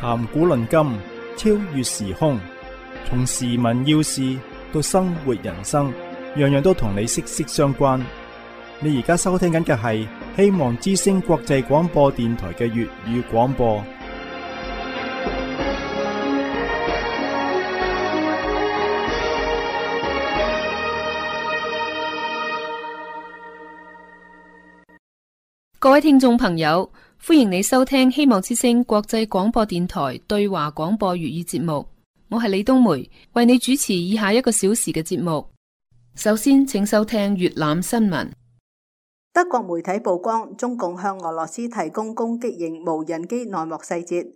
談古論今，超越時空，從時聞要事到生活人生，樣樣都同你息息相關。你而家收聽緊嘅係希望之聲國際廣播電台嘅粵語廣播。各位聽眾朋友。歡迎你收聽希望之聲國際廣播電台對華廣播粵語節目，我係李冬梅，為你主持以下一個小時嘅節目。首先，請收聽粵覽新聞。德國媒體曝光中共向俄羅斯提供攻擊型無人機內幕細節。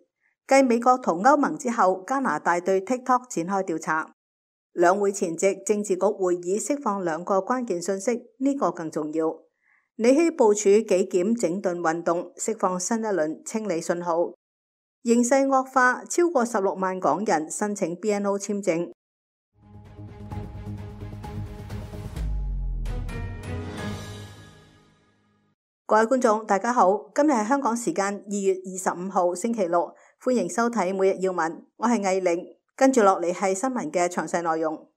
繼美國同歐盟之後，加拿大對 TikTok 展開調查。兩會前夕，政治局會議釋放兩個關鍵信息，呢個更重要。李希部署紀檢整頓運動，釋放新一輪清理信號。形勢惡化，超過十六萬港人申請 BNO 簽證。各位觀眾大家好，今日係香港時間二月二十五號星期六，歡迎收睇每日要聞。我係魏玲，跟住落嚟係新聞嘅詳細內容。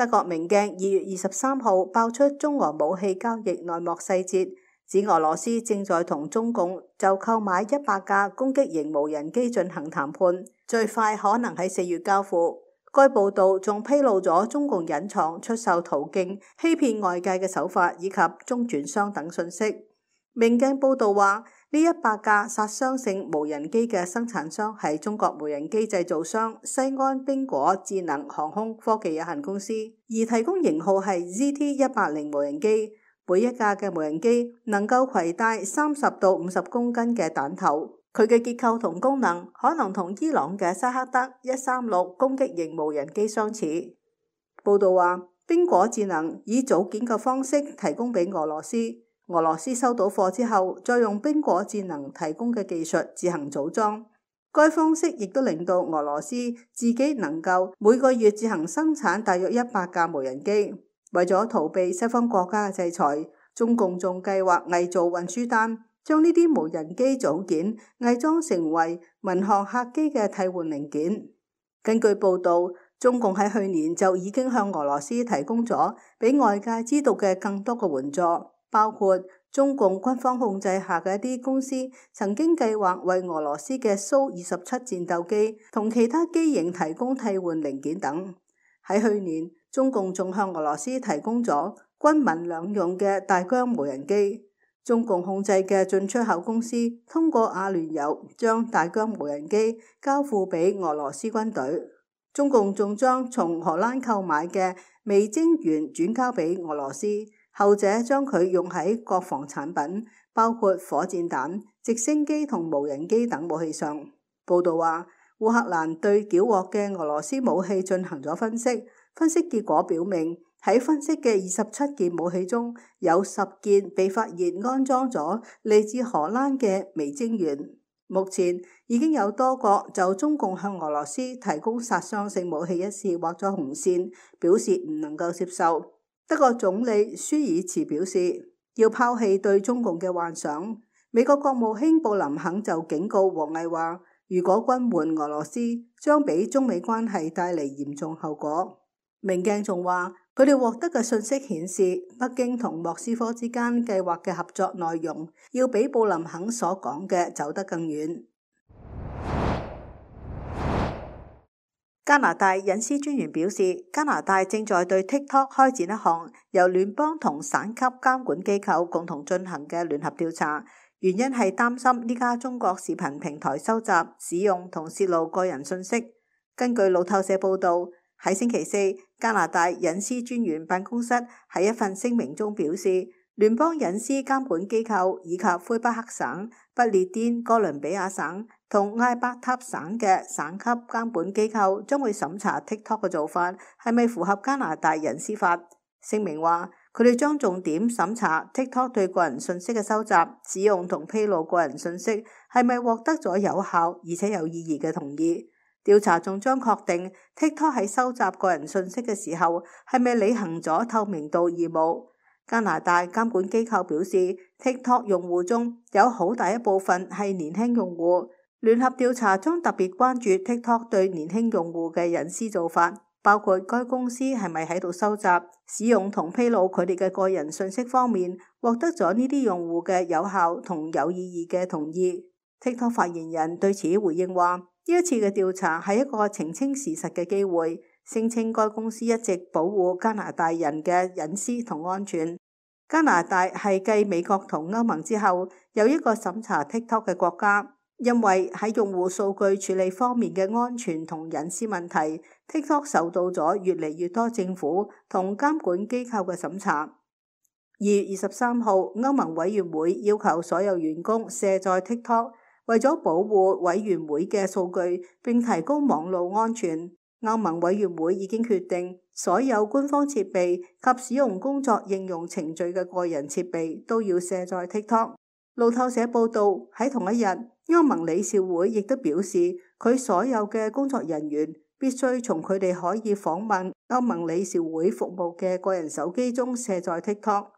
德國明鏡二月二十三號爆出中俄武器交易內幕細節，指俄羅斯正在同中共就購買一百架攻擊型無人機進行談判，最快可能喺四月交付。該報道仲披露咗中共隱藏出售途徑、欺騙外界嘅手法以及中轉商等信息。明鏡報道話：呢一百架殺傷性無人機嘅生產商係中國無人機製造商西安冰果智能航空科技有限公司，而提供型號係 ZT 一八零無人機。每一架嘅無人機能夠攜帶三十到五十公斤嘅彈頭，佢嘅結構同功能可能同伊朗嘅沙克德一三六攻擊型無人機相似。報道話，冰果智能以組件嘅方式提供俾俄羅斯。俄羅斯收到貨之後，再用冰果智能提供嘅技術自行組裝。該方式亦都令到俄羅斯自己能夠每個月自行生產大約一百架無人機。為咗逃避西方國家嘅制裁，中共仲計劃偽造運輸單，將呢啲無人機組件偽裝成為民航客機嘅替換零件。根據報導，中共喺去年就已經向俄羅斯提供咗比外界知道嘅更多嘅援助。包括中共軍方控制下嘅一啲公司，曾經計劃為俄羅斯嘅蘇二十七戰鬥機同其他機型提供替換零件等。喺去年，中共仲向俄羅斯提供咗軍民兩用嘅大疆無人機。中共控制嘅進出口公司，通過阿聯酋將大疆無人機交付俾俄羅斯軍隊。中共仲將從荷蘭購買嘅微晶元轉交俾俄羅斯。後者將佢用喺國防產品，包括火箭彈、直升機同無人機等武器上。報道話，烏克蘭對繳獲嘅俄羅斯武器進行咗分析，分析結果表明，喺分析嘅二十七件武器中有十件被發現安裝咗嚟自荷蘭嘅微晶元。目前已經有多國就中共向俄羅斯提供殺傷性武器一事劃咗紅線，表示唔能夠接受。德國總理舒爾茨表示，要拋棄對中共嘅幻想。美國國務卿布林肯就警告王毅話，如果軍援俄羅斯，將俾中美關係帶嚟嚴重後果。明鏡仲話，佢哋獲得嘅信息顯示，北京同莫斯科之間計劃嘅合作內容，要比布林肯所講嘅走得更遠。加拿大隱私專員表示，加拿大正在對 TikTok 開展一項由聯邦同省級監管機構共同進行嘅聯合調查，原因係擔心呢家中國視頻平台收集、使用同洩露個人信息。根據路透社報道，喺星期四，加拿大隱私專員辦公室喺一份聲明中表示，聯邦隱私監管機構以及魁北克省、不列顛哥倫比亞省。同艾伯塔省嘅省級監管機構將會審查 TikTok 嘅做法係咪符合加拿大隱私法。聲明話，佢哋將重點審查 TikTok 對個人信息嘅收集、使用同披露個人信息係咪獲得咗有效而且有意義嘅同意。調查仲將確定 TikTok 喺收集個人信息嘅時候係咪履行咗透明度義務。加拿大監管機構表示，TikTok 用戶中有好大一部分係年輕用戶。聯合調查將特別關注 TikTok 對年輕用戶嘅隱私做法，包括該公司係咪喺度收集、使用同披露佢哋嘅個人信息方面獲得咗呢啲用戶嘅有效同有意義嘅同意。TikTok 發言人對此回應話：呢一次嘅調查係一個澄清事實嘅機會，聲稱該公司一直保護加拿大人嘅隱私同安全。加拿大係繼美國同歐盟之後，有一個審查 TikTok 嘅國家。因為喺用戶數據處理方面嘅安全同隱私問題，TikTok 受到咗越嚟越多政府同監管機構嘅審查。二月二十三號，歐盟委員會要求所有員工卸載 TikTok，為咗保護委員會嘅數據並提高網路安全。歐盟委員會已經決定所有官方設備及使用工作應用程序嘅個人設備都要卸載 TikTok。路透社報道，喺同一日。歐盟理事會亦都表示，佢所有嘅工作人員必須從佢哋可以訪問歐盟理事會服務嘅個人手機中卸載 TikTok。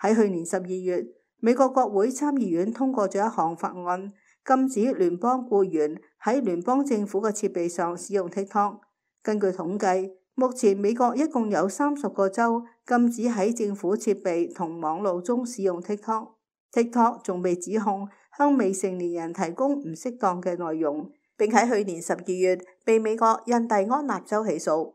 喺去年十二月，美國國會參議院通過咗一項法案，禁止聯邦僱員喺聯邦政府嘅設備上使用 TikTok。根據統計，目前美國一共有三十個州禁止喺政府設備同網絡中使用 TikTok。TikTok 仲被指控。向未成年人提供唔適當嘅內容，並喺去年十二月被美國印第安納州起訴。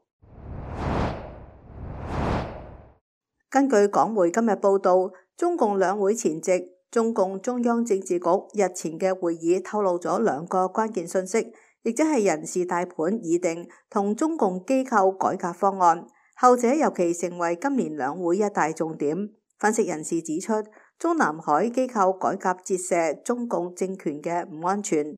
根據港媒今日報道，中共兩會前夕，中共中央政治局日前嘅會議透露咗兩個關鍵信息，亦即係人事大盤已定同中共機構改革方案，後者尤其成為今年兩會一大重點。分析人士指出。中南海機構改革折射中共政權嘅唔安全。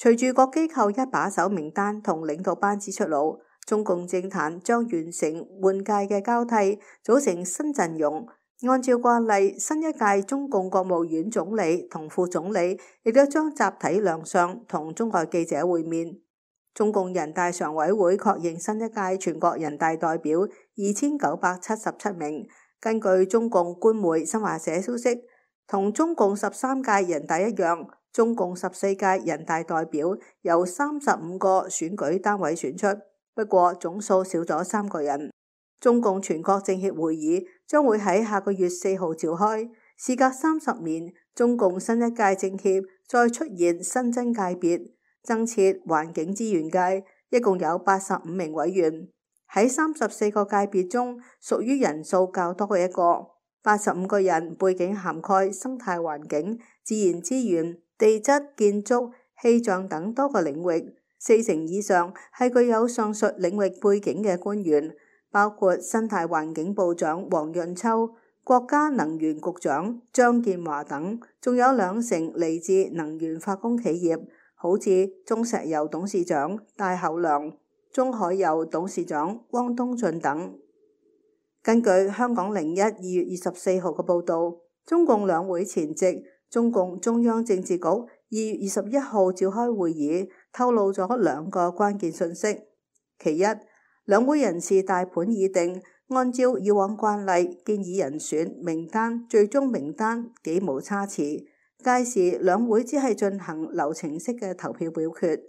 隨住各機構一把手名單同領導班子出爐，中共政壇將完成換屆嘅交替，組成新陣容。按照慣例，新一屆中共國務院總理同副總理亦都將集體亮相同中外記者會面。中共人大常委會確認新一屆全國人大代表二千九百七十七名。根據中共官媒新華社消息，同中共十三屆人大一樣，中共十四屆人大代表由三十五個選舉單位選出，不過總數少咗三個人。中共全國政協會議將會喺下個月四號召開，事隔三十年，中共新一屆政協再出現新增界別，增設環境資源界，一共有八十五名委員。喺三十四個界別中，屬於人數較多嘅一個，八十五個人背景涵蓋生態環境、自然資源、地質、建築、氣象等多個領域，四成以上係具有上述領域背景嘅官員，包括生態環境部長黃潤秋、國家能源局長張建華等，仲有兩成嚟自能源化工企業，好似中石油董事長戴厚良，中海油董事長汪東進等，根據香港零一二月二十四號嘅報道，中共兩會前夕，中共中央政治局二月二十一號召開會議，透露咗兩個關鍵信息。其一，兩會人事大盤已定，按照以往慣例，建議人選名單最終名單幾無差池。屆時兩會只係進行流程式嘅投票表決。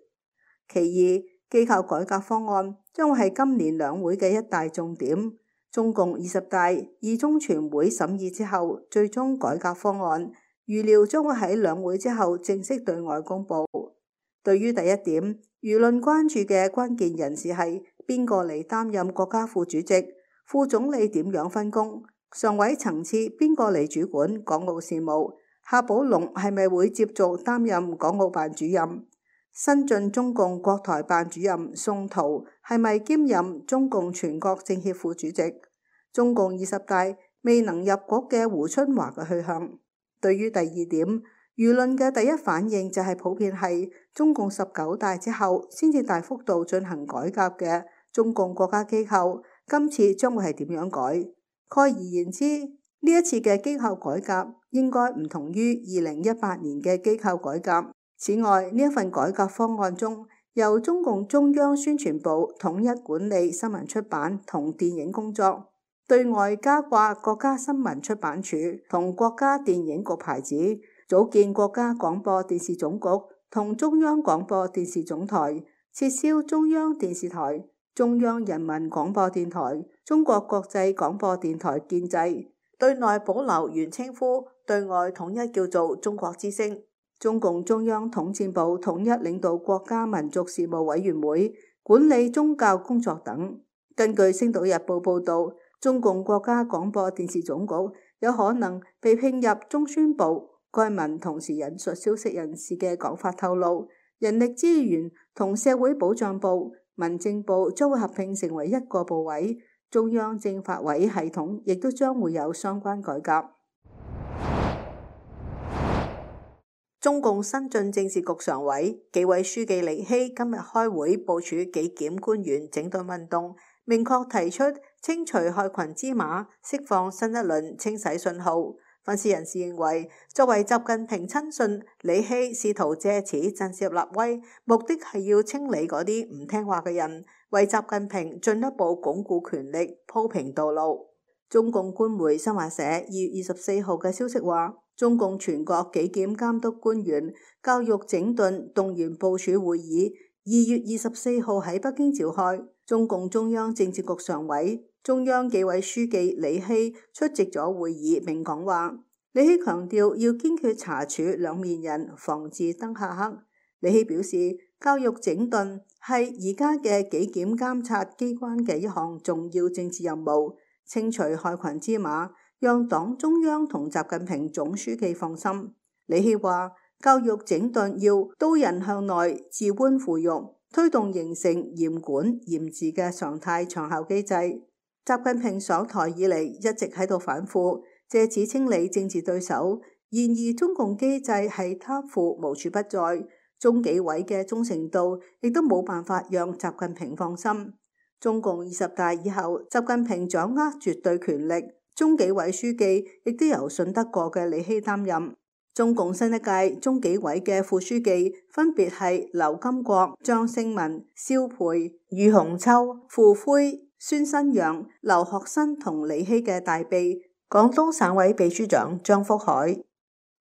其二。機構改革方案將會係今年兩會嘅一大重點。中共二十大二中全會審議之後，最終改革方案預料將會喺兩會之後正式對外公布。對於第一點，輿論關注嘅關鍵人士係邊個嚟擔任國家副主席、副總理點樣分工？常委層次邊個嚟主管港澳事務？夏寶龍係咪會接續擔任港澳辦主任？新晉中共國台辦主任宋濤係咪兼任中共全國政協副主席？中共二十大未能入國嘅胡春華嘅去向？對於第二點，輿論嘅第一反應就係普遍係中共十九大之後先至大幅度進行改革嘅中共國家機構，今次將會係點樣改？概而言之，呢一次嘅機構改革應該唔同於二零一八年嘅機構改革。此外，呢一份改革方案中，由中共中央宣傳部統一管理新聞出版同電影工作，對外加掛國家新聞出版署同國家電影局牌子，組建國家廣播電視總局同中央廣播電視總台，撤銷中央電視台、中央人民廣播電台、中國國際廣播電台建制，對內保留原稱呼，對外統一叫做中國之聲。中共中央統戰部統一領導國家民族事務委員會管理宗教工作等。根據《星島日報》報導，中共國家廣播電視總局有可能被併入中宣部。該文同時引述消息人士嘅講法透露，人力資源同社會保障部、民政部將會合併成為一個部委，中央政法委系統亦都將會有相關改革。中共新進政治局常委、紀委書記李希今日開會部署紀檢官員整頓運動，明確提出清除害群之馬，釋放新一輪清洗信號。分析人士認為，作為習近平親信，李希試圖借此震懾立威，目的係要清理嗰啲唔聽話嘅人，為習近平進一步鞏固權力鋪平道路。中共官媒新華社二月二十四號嘅消息話。中共全國紀檢監督官員教育整頓動員部署會議二月二十四號喺北京召開，中共中央政治局常委、中央紀委書記李希出席咗會議並講話。李希強調要堅決查處兩面人，防治燈下黑。李希表示，教育整頓係而家嘅紀檢監察機關嘅一項重要政治任務，清除害群之馬。讓黨中央同習近平總書記放心，李希話：教育整頓要刀刃向內、自剜腐肉，推動形成嚴管嚴治嘅常態長效機制。習近平上台以嚟一直喺度反腐，借此清理政治對手。然而中共機制係貪腐無處不在，中紀委嘅忠誠度亦都冇辦法讓習近平放心。中共二十大以後，習近平掌握絕對權力。中紀委書記亦都由順德國嘅李希擔任，中共新一屆中紀委嘅副書記分別係劉金國、張勝文、肖培、喻紅秋、傅輝、孫新陽、劉學新同李希嘅大秘廣東省委秘書長張福海。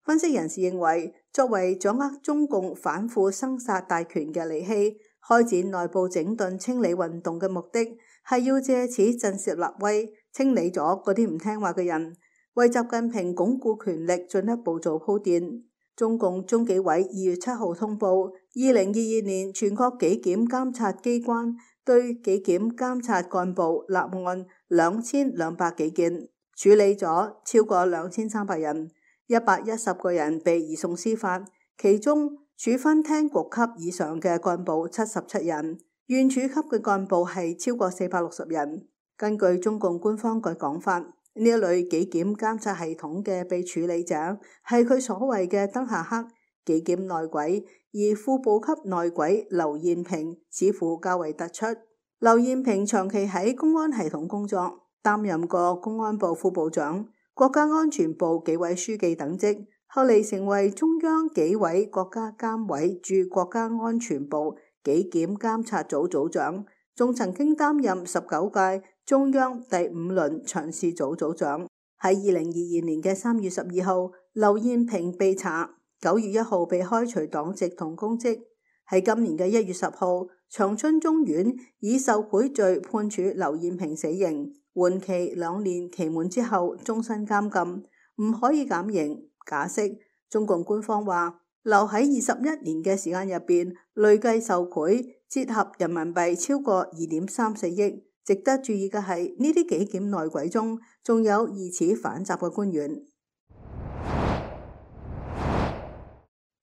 分析人士認為，作為掌握中共反腐生殺大權嘅李希，開展內部整頓清理運動嘅目的係要借此震懾立威。清理咗嗰啲唔聽話嘅人，為習近平鞏固權力進一步做鋪墊。中共中紀委二月七號通報二零二二年全國紀檢監察機關對紀檢監察幹部立案兩千兩百幾件，處理咗超過兩千三百人，一百一十個人被移送司法，其中處分廳局級以上嘅幹部七十七人，縣處級嘅幹部係超過四百六十人。根據中共官方嘅講法，呢一類紀檢監察系統嘅被處理者係佢所謂嘅“燈下黑”紀檢內鬼，而副部級內鬼劉彥平似乎較為突出。劉彥平長期喺公安系統工作，擔任過公安部副部長、國家安全部紀委書記等職，後嚟成為中央紀委國家監委駐國家安全部紀檢監察組組長，仲曾經擔任十九屆。中央第五輪巡視組組長喺二零二二年嘅三月十二號，劉燕平被查，九月一號被開除黨籍同公職。喺今年嘅一月十號，長春中院以受賄罪判處劉燕平死刑，緩期兩年期滿之後終身監禁，唔可以減刑。假釋，中共官方話，留喺二十一年嘅時間入邊，累計受賄折合人民幣超過二點三四億。值得注意嘅係，呢啲紀檢內鬼中，仲有疑似反習嘅官員。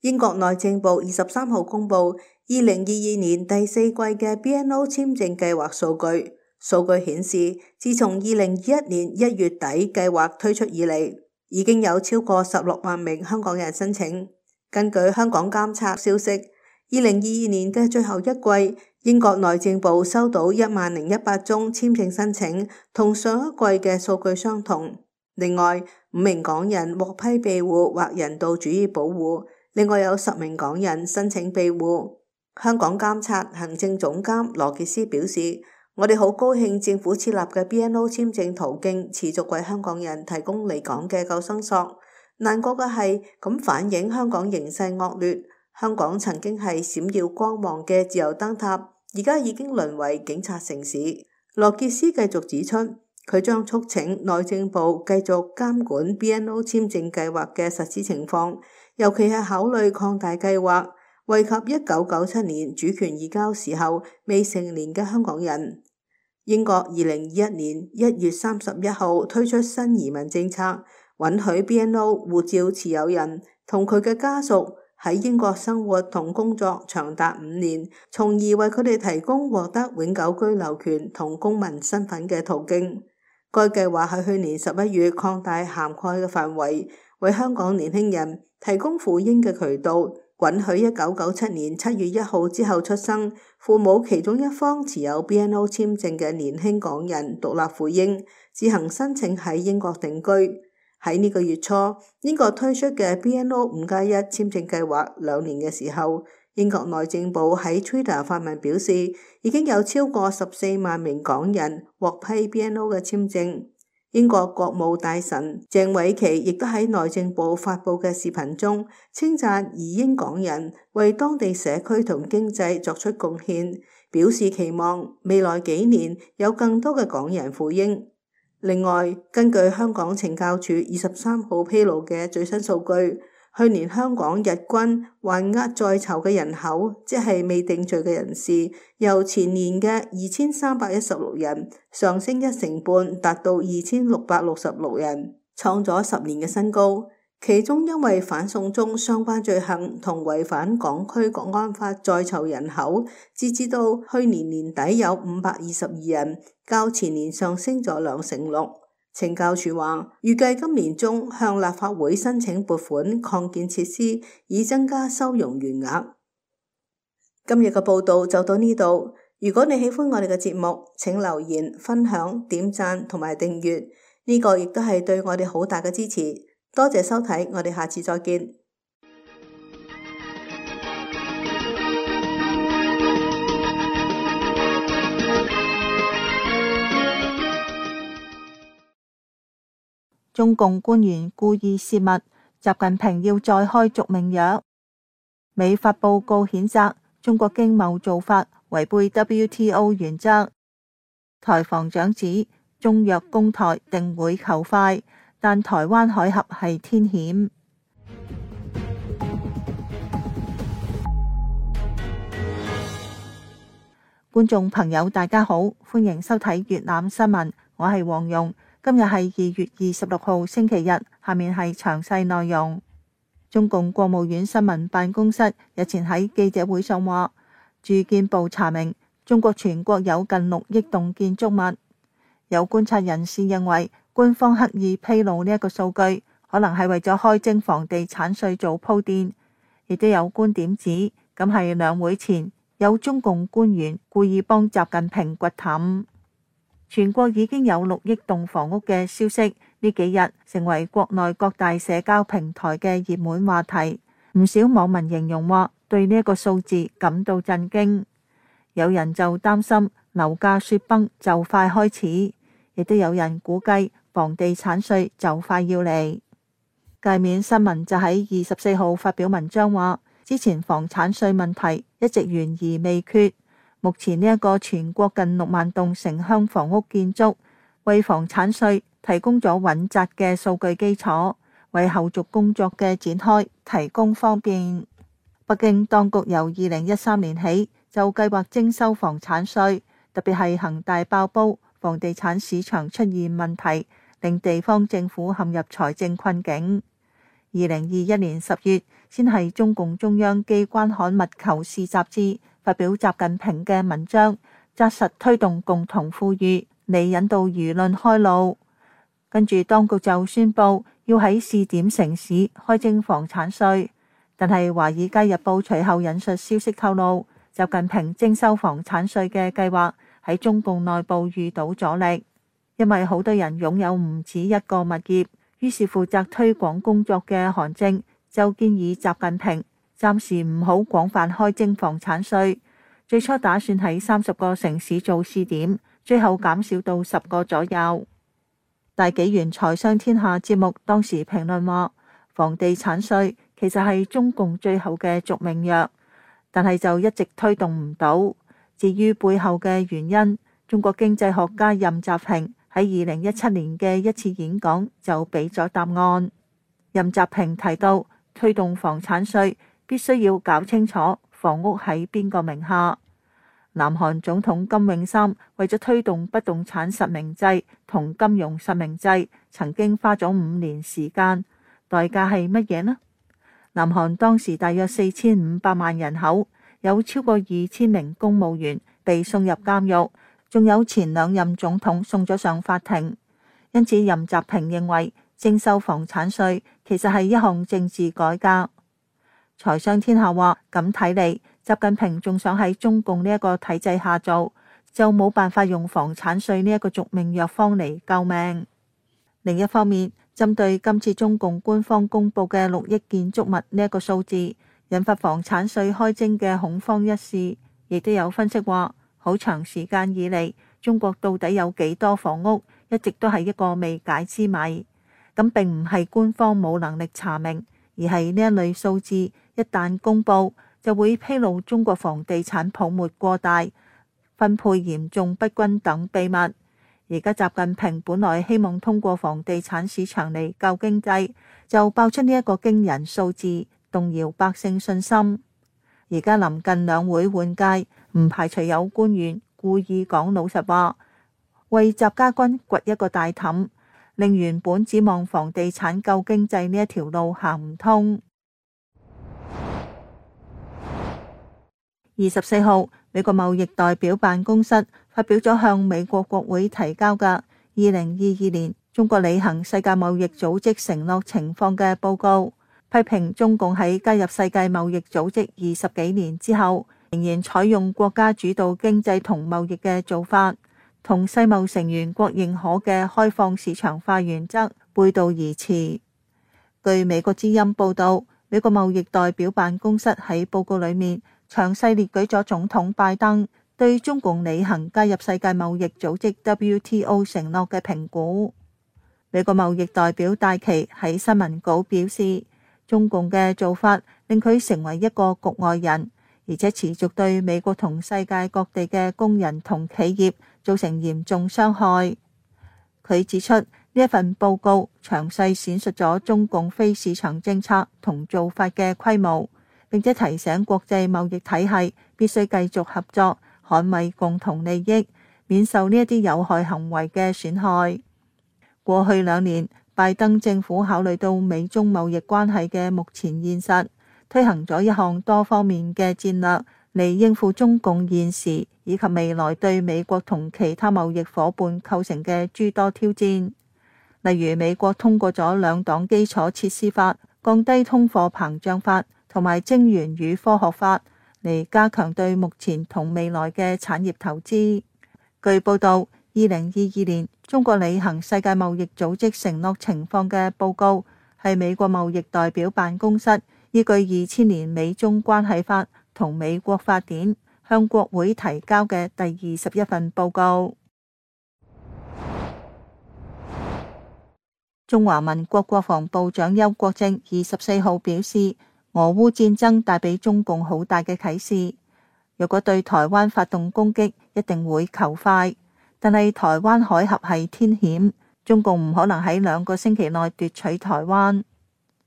英國內政部二十三號公佈二零二二年第四季嘅 BNO 簽證計劃數據，數據顯示，自從二零二一年一月底計劃推出以嚟，已經有超過十六萬名香港人申請。根據香港監察消息，二零二二年嘅最後一季，英國內政部收到一萬零一百宗簽證申請，同上一季嘅數據相同。另外五名港人獲批庇護或人道主義保護，另外有十名港人申請庇護。香港監察行政總監羅傑斯表示，「我哋好高興政府設立嘅 BNO 簽證途徑持續為香港人提供離港嘅救生索。難過嘅係咁反映香港形勢惡劣，香港曾經係閃耀光芒嘅自由燈塔。而家已經淪為警察城市，羅傑斯繼續指出，佢將促請內政部繼續監管 BNO 簽證計劃嘅實施情況，尤其係考慮擴大計劃，惠及一九九七年主權移交時候未成年嘅香港人。英國二零二一年一月三十一號推出新移民政策，允許 BNO 護照持有人同佢嘅家屬，喺英國生活同工作長達五年，從而為佢哋提供獲得永久居留權同公民身份嘅途徑。該計劃喺去年十一月擴大涵蓋嘅範圍，為香港年輕人提供赴英嘅渠道，允許一九九七年七月一號之後出生、父母其中一方持有 BNO 簽證嘅年輕港人獨立赴英，自行申請喺英國定居。喺呢個月初，英國推出嘅 BNO 五加一簽證計劃兩年嘅時候，英國內政部喺 Twitter 發文表示，已經有超過十四萬名港人獲批 BNO 嘅簽證。英國國務大臣鄭偉琪亦都喺內政部發布嘅視頻中，稱讚移英港人為當地社區同經濟作出貢獻，表示期望未來幾年有更多嘅港人赴英。另外，根據香港懲教署二十三號披露嘅最新數據，去年香港日均還押在囚嘅人口，即係未定罪嘅人士，由前年嘅二千三百一十六人上升一成半，達到二千六百六十六人，創咗十年嘅新高。其中因為反送中相關罪行同違反港區國安法在囚人口，截至到去年年底有五百二十二人，較前年上升咗兩成六。懲教處話，預計今年中向立法會申請撥款擴建設施，以增加收容餘額。今日嘅報道就到呢度。如果你喜歡我哋嘅節目，請留言、分享、點讚同埋訂閱，呢、呢個亦都係對我哋好大嘅支持。多謝收睇，我哋下次再見。中共官員故意洩密，習近平要再開續命藥。美發報告譴責中國經貿做法違背 WTO 原則。台防長指中若攻台，定會求快。但台灣海峽係天險。觀眾朋友，大家好，歡迎收睇粵覽新聞，我係黃蓉。今日係二月二十六號星期日，下面係詳細內容。中共國務院新聞辦公室日前喺記者會上話，住建部查明中國全國有近六億棟建築物。有觀察人士認為，官方刻意披露呢一個數據，可能係為咗開徵房地產稅做鋪墊。亦都有觀點指，咁係兩會前有中共官員故意幫習近平掘氹。全國已經有六億棟房屋嘅消息，呢幾日成為國內各大社交平台嘅熱門話題。唔少網民形容話，對呢一個數字感到震驚。有人就擔心樓價雪崩就快開始，亦都有人估計。房地產稅就快要嚟。界面新聞就喺二十四號發表文章，話之前房產稅問題一直懸而未決。目前呢一個全國近六萬棟城鄉房屋建築，為房產稅提供咗穩紮嘅數據基礎，為後續工作嘅展開提供方便。北京當局由二零一三年起就計劃徵收房產稅，特別係恒大爆煲，房地產市場出現問題。令地方政府陷入財政困境。二零二一年十月，先係中共中央機關刊物《求是》雜誌發表習近平嘅文章《紮實推動共同富裕》，嚟引導輿論開路。跟住，當局就宣布要喺試點城市開徵房產稅。但係《華爾街日報》隨後引述消息透露，習近平徵收房產稅嘅計劃喺中共內部遇到阻力。因為好多人擁有唔止一個物業，於是負責推廣工作嘅韓正就建議習近平暫時唔好廣泛開徵房產稅。最初打算喺三十個城市做試點，最後減少到十個左右。大紀元財商天下節目當時評論話，房地產稅其實係中共最後嘅續命藥，但係就一直推動唔到。至於背後嘅原因，中國經濟學家任澤平。喺二零一七年嘅一次演講就俾咗答案。任澤平提到，推動房產稅必須要搞清楚房屋喺邊個名下。南韓總統金泳三為咗推動不動產實名制同金融實名制，曾經花咗五年時間，代價係乜嘢呢？南韓當時大約四千五百萬人口，有超過二千名公務員被送入監獄。仲有前兩任總統送咗上法庭，因此任澤平認為徵收房產稅其實係一項政治改革。財商天下話：咁睇嚟，習近平仲想喺中共呢一個體制下做，就冇辦法用房產稅呢一個續命藥方嚟救命。另一方面，針對今次中共官方公布嘅六億建築物呢一個數字，引發房產稅開徵嘅恐慌一事，亦都有分析話。好長時間以嚟，中國到底有幾多房屋一直都係一個未解之謎，咁並唔係官方冇能力查明，而係呢一類數字一旦公布就會披露中國房地產泡沫過大、分配嚴重不均等秘密。而家習近平本來希望通過房地產市場嚟救經濟，就爆出呢一個驚人數字，動搖百姓信心。而家臨近兩會換屆。唔排除有官員故意講老實話，為習家軍掘一個大氹，令原本指望房地產救經濟呢一條路行唔通。二十四號，美國貿易代表辦公室發表咗向美國國會提交嘅二零二二年中國履行世界貿易組織承諾情況嘅報告，批評中共喺加入世界貿易組織二十幾年之後。仍然採用國家主導經濟同貿易嘅做法，同世貿成員國認可嘅開放市場化原則背道而馳。據美國之音報道，美國貿易代表辦公室喺報告裏面詳細列舉咗總統拜登對中共履行加入世界貿易組織 WTO 承諾嘅評估。美國貿易代表戴琪喺新聞稿表示，中共嘅做法令佢成為一個局外人。而且持續對美國同世界各地嘅工人同企業造成嚴重傷害。佢指出呢一份報告詳細闡述咗中共非市場政策同做法嘅規模，並且提醒國際貿易體系必須繼續合作，捍衛共同利益，免受呢一啲有害行為嘅損害。過去兩年，拜登政府考慮到美中貿易關係嘅目前現實。推行咗一項多方面嘅戰略嚟，應付中共現時以及未來對美國同其他貿易伙伴構成嘅諸多挑戰。例如美國通過咗兩黨基礎設施法、降低通貨膨脹法同埋晶圓與科學法嚟，加強對目前同未來嘅產業投資。據報道，二零二二年中國履行世界貿易組織承諾情況嘅報告係美國貿易代表辦公室，依據二千年美中關係法同美國法典，向國會提交嘅第二十一份報告。中華民國國防部長邱國正二十四號表示：俄烏戰爭帶俾中共好大嘅啟示。若果對台灣發動攻擊，一定會求快，但係台灣海峽係天險，中共唔可能喺兩個星期內奪取台灣。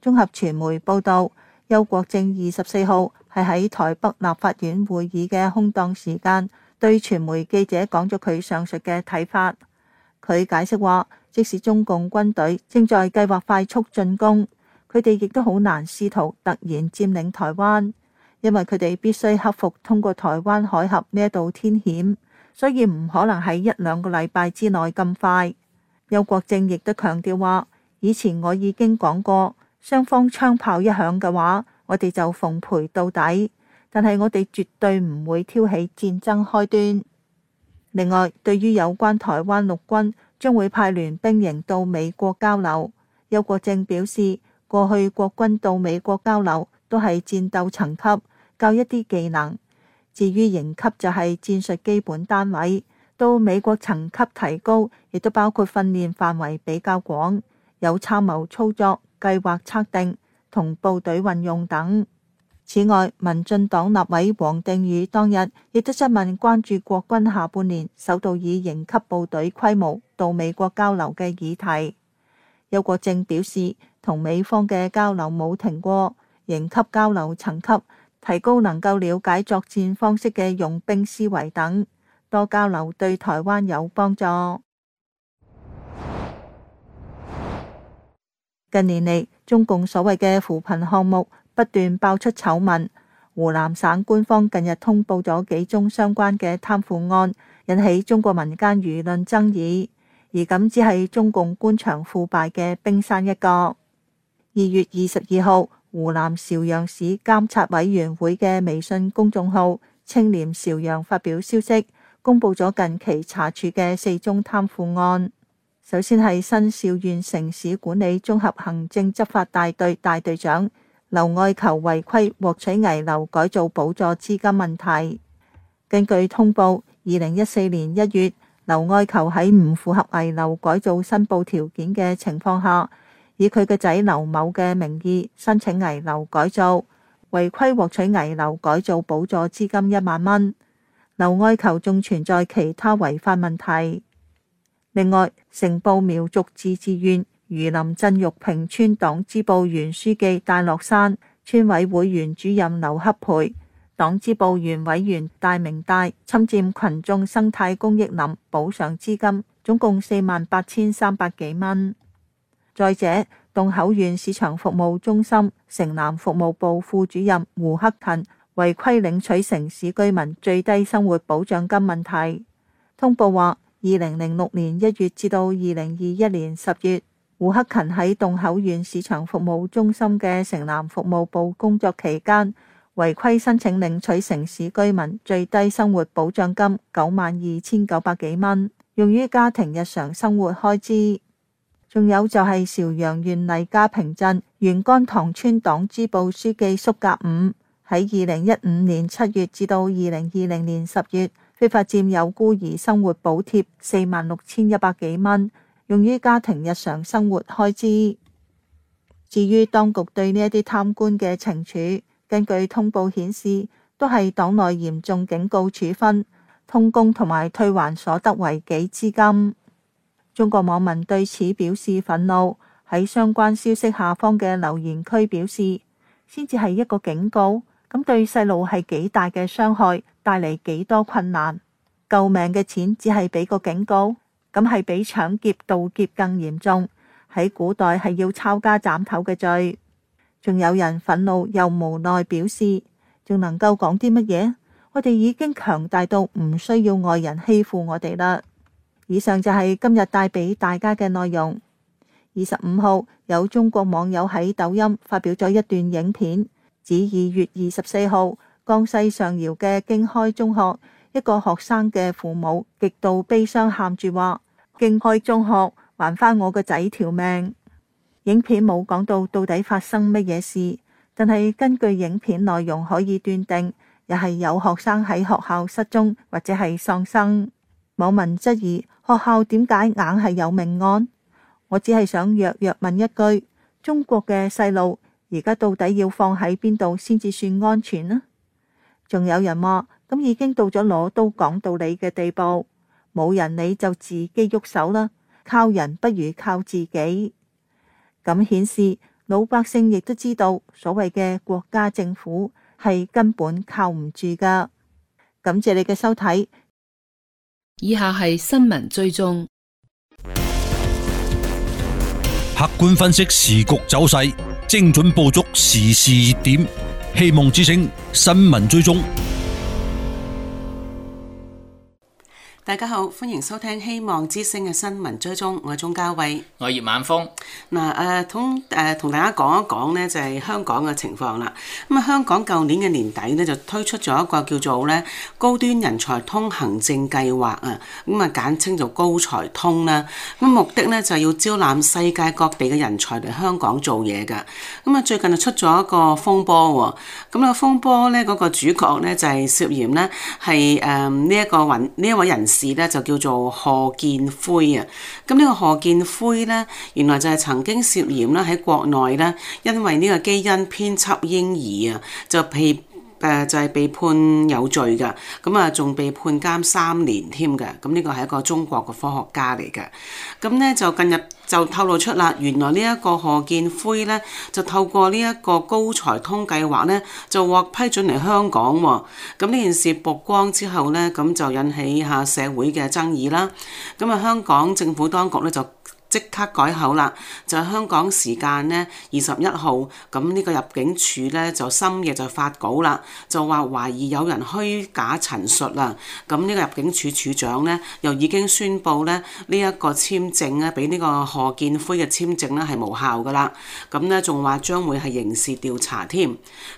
綜合傳媒報道。邱國正二十四號係喺台北立法院會議嘅空檔時間，對傳媒記者講咗佢上述嘅睇法。佢解釋話，即使中共軍隊正在計劃快速進攻，佢哋亦都好難試圖突然佔領台灣，因為佢哋必須克服通過台灣海峽呢一道天險，所以唔可能喺一兩個禮拜之內咁快。邱國正亦都強調話，以前我已經講過。雙方槍炮一響嘅話，我哋就奉陪到底。但係我哋絕對唔會挑起戰爭開端。另外，對於有關台灣陸軍將會派聯兵營到美國交流，邱國正表示：過去國軍到美國交流都係戰鬥層級，教一啲技能。至於營級就係戰術基本單位，到美國層級提高，亦都包括訓練範圍比較廣，有參謀操作。計劃測定同部隊運用等。此外，民進黨立委王定宇當日亦都質問關注國軍下半年首度以營級部隊規模到美國交流嘅議題。邱國正表示，同美方嘅交流冇停過，營級交流、層級提高，能夠了解作戰方式嘅用兵思維等，多交流對台灣有幫助。近年嚟，中共所謂嘅扶貧項目不斷爆出醜聞。湖南省官方近日通報咗幾宗相關嘅貪腐案，引起中國民間輿論爭議。而咁只係中共官場腐敗嘅冰山一角。二月二十二號，湖南邵陽市監察委員會嘅微信公眾號“清廉邵陽”發表消息，公布咗近期查處嘅四宗貪腐案。首先係新邵縣城市管理綜合行政執法大隊大隊長劉愛球違規獲取危樓改造補助資金問題。根據通報，二零一四年一月，劉愛球喺唔符合危樓改造申報條件嘅情況下，以佢個仔劉某嘅名義申請危樓改造，違規獲取危樓改造補助資金一萬蚊。劉愛球仲存在其他違法問題。另外，城步苗族自治縣榆林鎮玉平村黨支部原書記戴樂山、村委會原主任劉克培、黨支部原委員戴明大侵占群眾生態公益林補償資金，總共四萬八千三百幾蚊。再者，洞口縣市場服務中心城南服務部副主任胡克勤違規領取城市居民最低生活保障金問題，通報話。二零零六年一月至到二零二一年十月，胡克勤喺洞口縣市場服務中心嘅城南服務部工作期間，違規申請領取城市居民最低生活保障金九萬二千九百幾蚊，用於家庭日常生活開支。仲有就係邵陽縣黎家坪鎮元干塘村黨支部書記粟甲五，喺二零一五年七月至到二零二零年十月。非法佔有孤兒生活補貼四萬六千一百幾蚊，用於家庭日常生活開支。至於當局對呢一啲貪官嘅懲處，根據通報顯示，都係黨內嚴重警告處分、通工同埋退還所得違紀資金。中國網民對此表示憤怒，喺相關消息下方嘅留言區表示：先至係一個警告。咁對細路係幾大嘅傷害，帶嚟幾多困難？救命嘅錢只係俾個警告，咁係比搶劫、盜劫更嚴重。喺古代係要抄家斬頭嘅罪。仲有人憤怒又無奈表示，仲能夠講啲乜嘢？我哋已經強大到唔需要外人欺負我哋啦。以上就係今日帶俾大家嘅內容。二十五號，有中國網友喺抖音發表咗一段影片。指二月二十四號，江西上饒嘅經開中學一個學生嘅父母極度悲傷，喊住話：經開中學還返我個仔條命。影片冇講到到底發生乜嘢事，但係根據影片內容可以斷定，又係有學生喺學校失蹤或者係喪生。網民質疑學校點解硬係有命案？我只係想弱弱問一句，中國嘅細路。而家到底要放喺邊度先至算安全呢？仲有人話咁已經到咗攞刀講道理嘅地步，冇人理就自己喐手啦，靠人不如靠自己。咁顯示老百姓亦都知道所謂嘅國家政府係根本靠唔住噶。感謝你嘅收睇，以下係新聞追蹤，客觀分析時局走勢。精準捕捉時事熱點，希望之聲新聞追蹤。大家好，歡迎收聽希望之聲嘅新聞追蹤，我係鍾嘉慧，我係葉晚峰。嗱、呃，誒、呃，同大家講一講呢就係、是、香港嘅情況啦。咁啊，香港舊年嘅年底呢，就推出咗一個叫做呢高端人才通行證計劃啊，咁啊簡稱做高才通啦。咁目的呢，就要招攬世界各地嘅人才嚟香港做嘢噶。咁啊，最近就出咗一個風波，咁個風波呢，嗰個主角呢，就係涉嫌呢係誒呢一個呢一位人士。就叫做賀建奎啊，咁呢個賀建奎咧，原來就係曾經涉嫌啦喺國內咧，因為呢個基因編輯嬰兒啊，就被。誒就係被判有罪嘅，咁啊，仲被判監三年添嘅，咁呢個係一個中國嘅科學家嚟嘅。咁咧就近日就透露出啦，原來呢一個賀建奎咧就透過呢一個高才通計劃咧就獲批准嚟香港喎。咁呢件事曝光之後咧，咁就引起下社會嘅爭議啦。咁啊香港政府當局咧就。即刻改口啦！就係香港時間咧，二十一號，咁呢個入境處咧就深夜就發稿啦，就話懷疑有人虛假陳述啦。咁呢個入境處處長咧又已經宣布咧呢一個簽證咧，俾呢個賀建輝嘅簽證咧係無效噶啦。咁咧仲話將會係刑事調查添。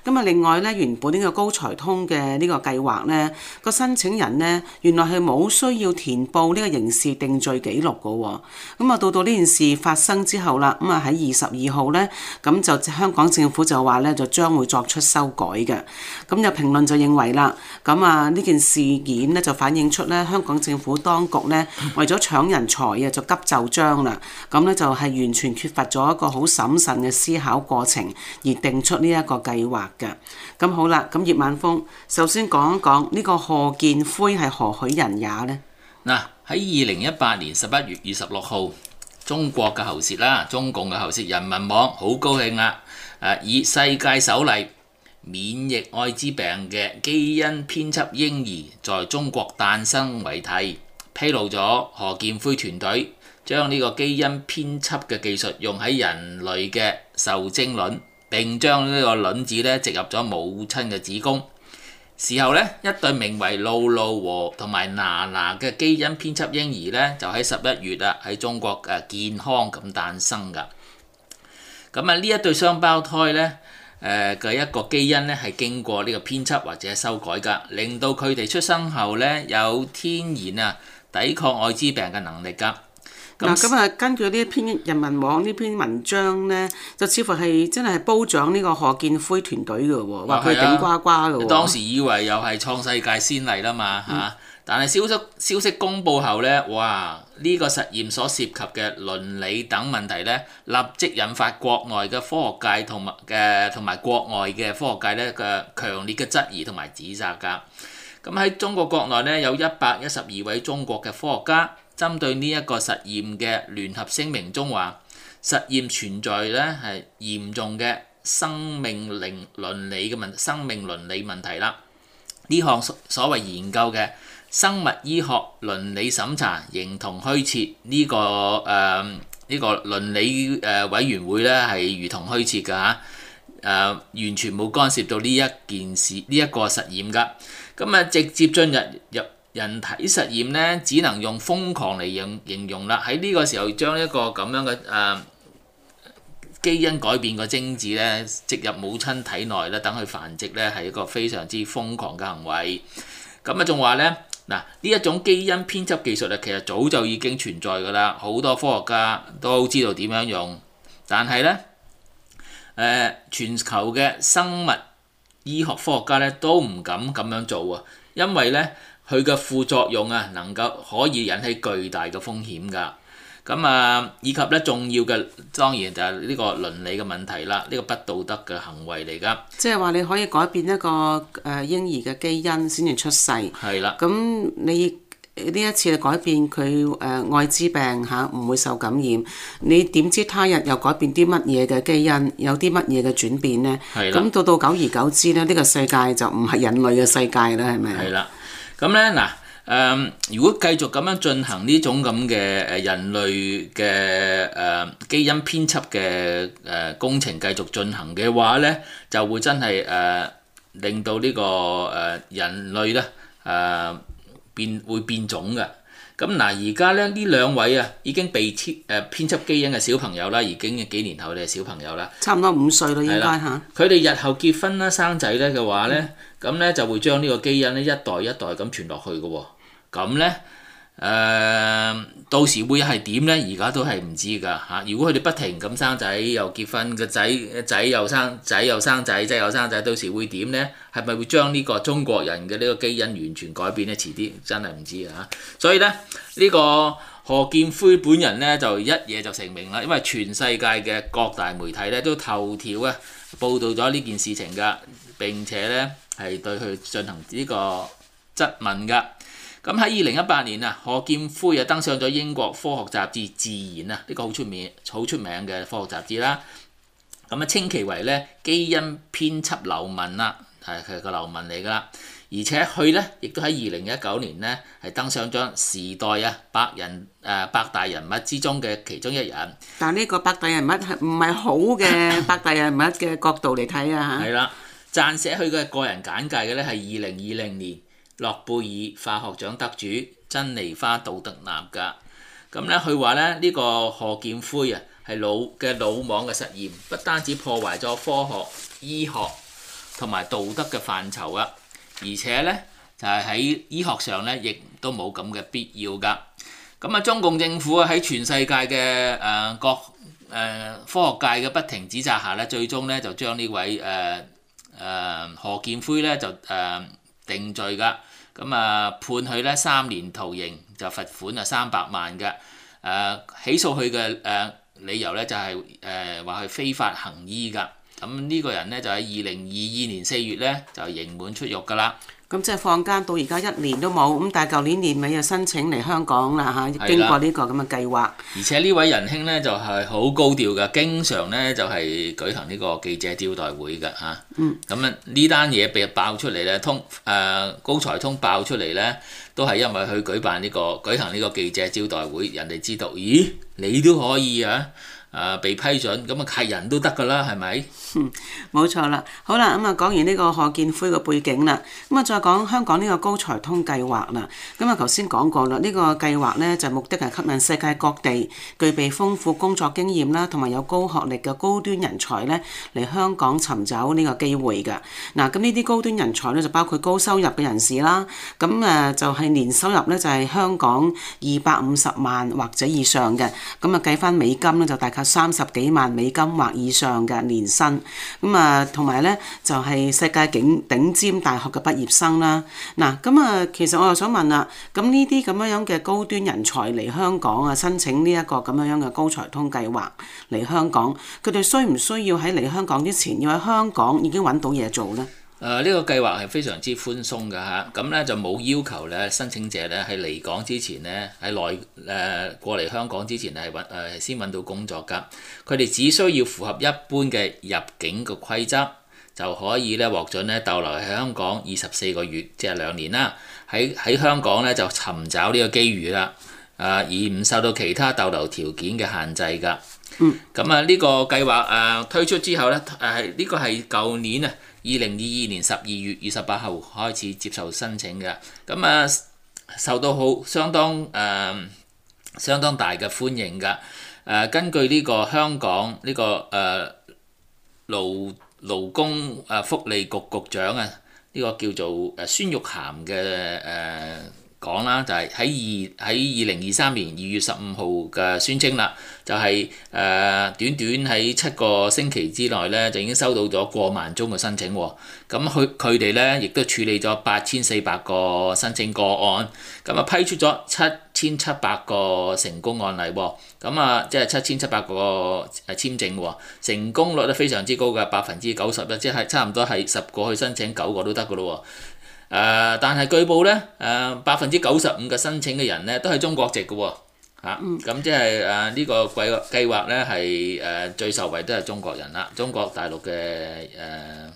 咁啊，另外咧原本呢個高才通嘅呢個計劃咧，個申請人咧原來係冇需要填報呢個刑事定罪記錄噶喎。咁啊，到到。呢件事發生之後啦，咁啊喺二十二號呢，咁就香港政府就話呢，就將會作出修改嘅。咁有評論就認為啦，咁啊呢件事件呢，就反映出呢，香港政府當局呢，為咗搶人才啊，就急就章啦。咁呢，就係完全缺乏咗一個好審慎嘅思考過程而定出呢一個計劃嘅。咁好啦，咁葉晚峰，首先講一講呢個賀建輝係何許人也呢。嗱喺二零一八年十一月二十六號。中國嘅喉舌啦，中共嘅喉舌，人民網好高興啦、啊！以世界首例免疫愛滋病嘅基因編輯嬰兒在中國誕生為題，披露咗何建輝團隊將呢個基因編輯嘅技術用喺人類嘅受精卵，並將呢個卵子呢植入咗母親嘅子宮。時候呢，一對名為露露和同埋娜娜嘅基因編輯嬰兒呢，就喺十一月啊，喺中國健康咁誕生㗎。咁啊，呢一對雙胞胎呢，誒、呃、嘅一個基因呢，係經過呢個編輯或者修改㗎，令到佢哋出生後呢，有天然啊抵抗愛滋病嘅能力㗎。嗱咁啊，嗯、那根據呢一篇人民網呢篇文章呢，就似乎係真係褒獎呢個何建鋒團隊嘅喎，話佢係頂呱呱嘅喎。瓜瓜哦、當時以為又係創世界先例啦嘛嚇、嗯啊，但係消息消息公布後呢，哇！呢、這個實驗所涉及嘅倫理等問題呢，立即引發國內嘅科學界同埋嘅同埋國外嘅科學界呢嘅強烈嘅質疑同埋指責㗎。咁喺中國國內呢，有一百一十二位中國嘅科學家。針對呢一個實驗嘅聯合聲明中話，實驗存在呢係嚴重嘅生命倫倫理嘅問生命倫理問題啦。呢項所謂研究嘅生物醫學倫理審查，形同虛設。呢、這個誒呢、呃這個倫理誒委員會呢係如同虛設㗎嚇，誒、呃、完全冇干涉到呢一件事呢一、這個實驗㗎。咁、嗯、啊，直接進入入。人體實驗咧只能用瘋狂嚟形形容啦。喺呢個時候將一個咁樣嘅誒、呃、基因改變個精子咧植入母親體內咧，等佢繁殖咧，係一個非常之瘋狂嘅行為。咁啊，仲話咧嗱，呢一種基因編輯技術啊，其實早就已經存在噶啦，好多科學家都知道點樣用，但係咧誒，全球嘅生物醫學科學家咧都唔敢咁樣做啊，因為咧。佢嘅副作用啊，能夠可以引起巨大嘅風險㗎。咁啊，以及咧重要嘅，當然就係呢個倫理嘅問題啦，呢個不道德嘅行為嚟噶。即係話你可以改變一個誒嬰兒嘅基因先至出世，係啦。咁你呢一次改變佢誒艾滋病嚇唔會受感染，你點知他日又改變啲乜嘢嘅基因，有啲乜嘢嘅轉變呢？咁到到久而久之咧，呢個世界就唔係人類嘅世界啦，係咪？係啦。咁咧嗱，誒、呃，如果繼續咁樣進行呢種咁嘅誒人類嘅誒、呃、基因編輯嘅誒、呃、工程繼續進行嘅話咧，就會真係誒、呃、令到呢個誒、呃、人類咧誒、呃、變會變種嘅。咁嗱，而家咧呢兩位啊已經被編誒、呃、編輯基因嘅小朋友啦，已經幾年後嘅小朋友啦，差唔多五歲啦，應該。佢哋日後結婚啦、生仔咧嘅話咧。嗯咁呢就會將呢個基因呢一代一代咁傳落去嘅喎、哦，咁呢，誒、呃、到時會係點呢？而家都係唔知㗎嚇。如果佢哋不停咁生仔又結婚，個仔仔又生仔又生仔，仔又生仔，到時會點呢？係咪會將呢個中國人嘅呢個基因完全改變呢？遲啲真係唔知啊！所以呢，呢、呢個何建輝本人呢，就一夜就成名啦，因為全世界嘅各大媒體呢，都頭條啊報導咗呢件事情㗎，並且呢，係對佢進行呢個質問噶。咁喺二零一八年啊，賀建奎啊登上咗英國科學雜誌《自然》啊，呢個好出名、好出名嘅科學雜誌啦。咁啊稱其為咧基因編輯流氓啦，係佢個流氓嚟㗎啦。而且佢咧亦都喺二零一九年咧係登上咗時代啊百人誒百大人物之中嘅其中一人。但係呢個百大人物係唔係好嘅 百大人物嘅角度嚟睇啊？嚇。係啦。撰寫佢嘅個人簡介嘅呢，係二零二零年諾貝爾化學獎得主珍妮花杜德納噶。咁呢，佢話呢，呢、這個賀建奎啊係老嘅魯莽嘅實驗，不單止破壞咗科學、醫學同埋道德嘅範疇啊，而且呢，就係、是、喺醫學上呢，亦都冇咁嘅必要噶。咁啊，中共政府喺全世界嘅誒、呃、各誒、呃、科學界嘅不停指責下呢，最終呢，就將呢位誒。呃誒何建輝咧就誒、呃、定罪噶，咁啊判佢咧三年徒刑，就罰款啊三百萬噶。誒、呃、起訴佢嘅誒理由咧就係誒話佢非法行醫噶。咁呢、這個人咧就喺二零二二年四月咧就刑滿出獄噶啦。咁即係放監到而家一年都冇，咁但係舊年年尾又申請嚟香港啦嚇、啊，經過呢個咁嘅計劃。而且呢位仁兄呢就係、是、好高調嘅，經常呢就係、是、舉行呢個記者招待會嘅嚇。咁啊，呢單嘢被爆出嚟呢，通誒、呃、高才通爆出嚟呢，都係因為佢舉辦呢、這個舉行呢個記者招待會，人哋知道，咦，你都可以啊？誒、啊、被批准咁啊，係人都得㗎啦，係咪？冇、嗯、錯啦，好啦，咁、嗯、啊講完呢個賀建輝嘅背景啦，咁、嗯、啊再講香港呢個高才通計劃啦。咁啊頭先講過啦，呢、這個計劃呢就是、目的係吸引世界各地具備豐富工作經驗啦，同埋有高學歷嘅高端人才呢嚟香港尋找呢個機會㗎。嗱、嗯，咁呢啲高端人才呢就包括高收入嘅人士啦，咁、嗯、誒、嗯、就係、是、年收入呢就係、是、香港二百五十萬或者以上嘅，咁、嗯、啊計翻美金呢就大概，三十幾萬美金或以上嘅年薪，咁啊，同埋呢就係、是、世界頂尖大學嘅畢業生啦。嗱，咁啊，其實我又想問啦，咁呢啲咁樣樣嘅高端人才嚟香港啊，申請呢一個咁樣樣嘅高才通計劃嚟香港，佢哋需唔需要喺嚟香港之前，要喺香港已經揾到嘢做呢？誒呢、啊，呢個計劃係非常之寬鬆㗎吓，咁、啊、呢，就冇要求呢申請者呢喺離港之前呢喺內誒過嚟香港之前係揾誒先揾到工作㗎。佢哋只需要符合一般嘅入境嘅規則，就可以呢獲准呢逗留喺香港二十四個月，即係兩年啦。喺喺香港呢，就尋找呢個機遇啦、啊，而唔受到其他逗留條件嘅限制㗎。嗯、啊，咁啊呢個計劃誒、啊、推出之後呢，誒係呢個係舊年啊。這個二零二二年十二月二十八號開始接受申請嘅，咁啊受到好相當誒、呃、相當大嘅歡迎㗎。誒、呃、根據呢個香港呢、這個誒勞勞工誒福利局局長啊，呢、這個叫做誒孫玉菡嘅誒。呃講啦，就係喺二喺二零二三年二月十五號嘅宣稱啦，就係誒短短喺七個星期之內呢，就已經收到咗過萬宗嘅申請喎。咁佢佢哋呢，亦都處理咗八千四百個申請個案，咁啊批出咗七千七百個成功案例喎。咁啊即係七千七百個誒簽證喎，成功率都非常之高嘅，百分之九十啊，即係差唔多係十個去申請九個都得嘅咯喎。誒、呃，但係據報咧，誒百分之九十五嘅申請嘅人咧都係中國籍嘅喎，咁即係誒、呃這個、呢個計計劃咧係誒最受惠都係中國人啦，中國大陸嘅誒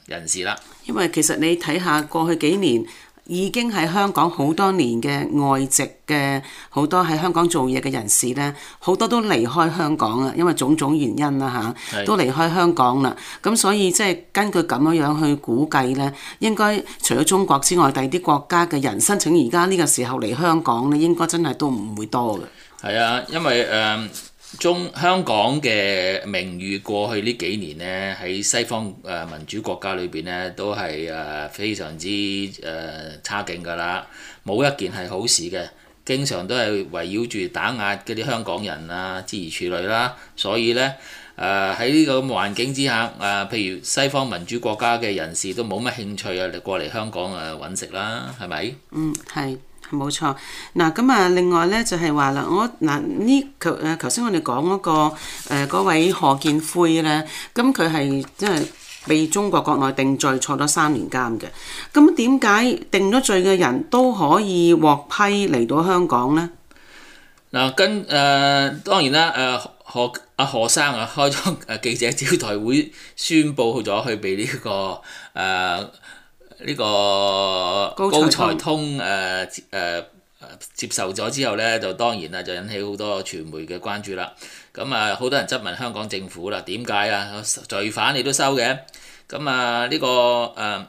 人士啦。因為其實你睇下過去幾年。已經喺香港好多年嘅外籍嘅好多喺香港做嘢嘅人士呢，好多都離開香港啦，因為種種原因啦嚇，都離開香港啦。咁是的 所以即係根據咁樣樣去估計呢，應該除咗中國之外，第二啲國家嘅人申請而家呢個時候嚟香港呢，應該真係都唔會多嘅。係啊，因為誒。Uh 中香港嘅名譽過去呢幾年呢，喺西方誒、呃、民主國家裏邊呢，都係誒、呃、非常之誒、呃、差勁㗎喇，冇一件係好事嘅，經常都係圍繞住打壓嗰啲香港人啊、諸如此類啦，所以呢，誒喺呢個咁環境之下誒、呃，譬如西方民主國家嘅人士都冇乜興趣啊嚟過嚟香港誒、啊、搵食啦，係咪？嗯，係。冇錯，嗱咁啊，另外咧就係話啦，我嗱呢頭誒頭先我哋講嗰個嗰位、呃呃、何建輝啦，咁佢係即係被中國國內定罪坐咗三年監嘅，咁點解定咗罪嘅人都可以獲批嚟到香港咧？嗱、呃，跟誒、呃、當然啦，誒、呃、何阿何，何生啊開咗誒記者招待會，宣布咗去畀呢、這個誒。呃呢個高才通誒誒、呃接，呃、接受咗之後呢，就當然啦，就引起好多傳媒嘅關注啦。咁啊，好多人質問香港政府啦，點解啊罪犯你都收嘅？咁啊、呢、這個誒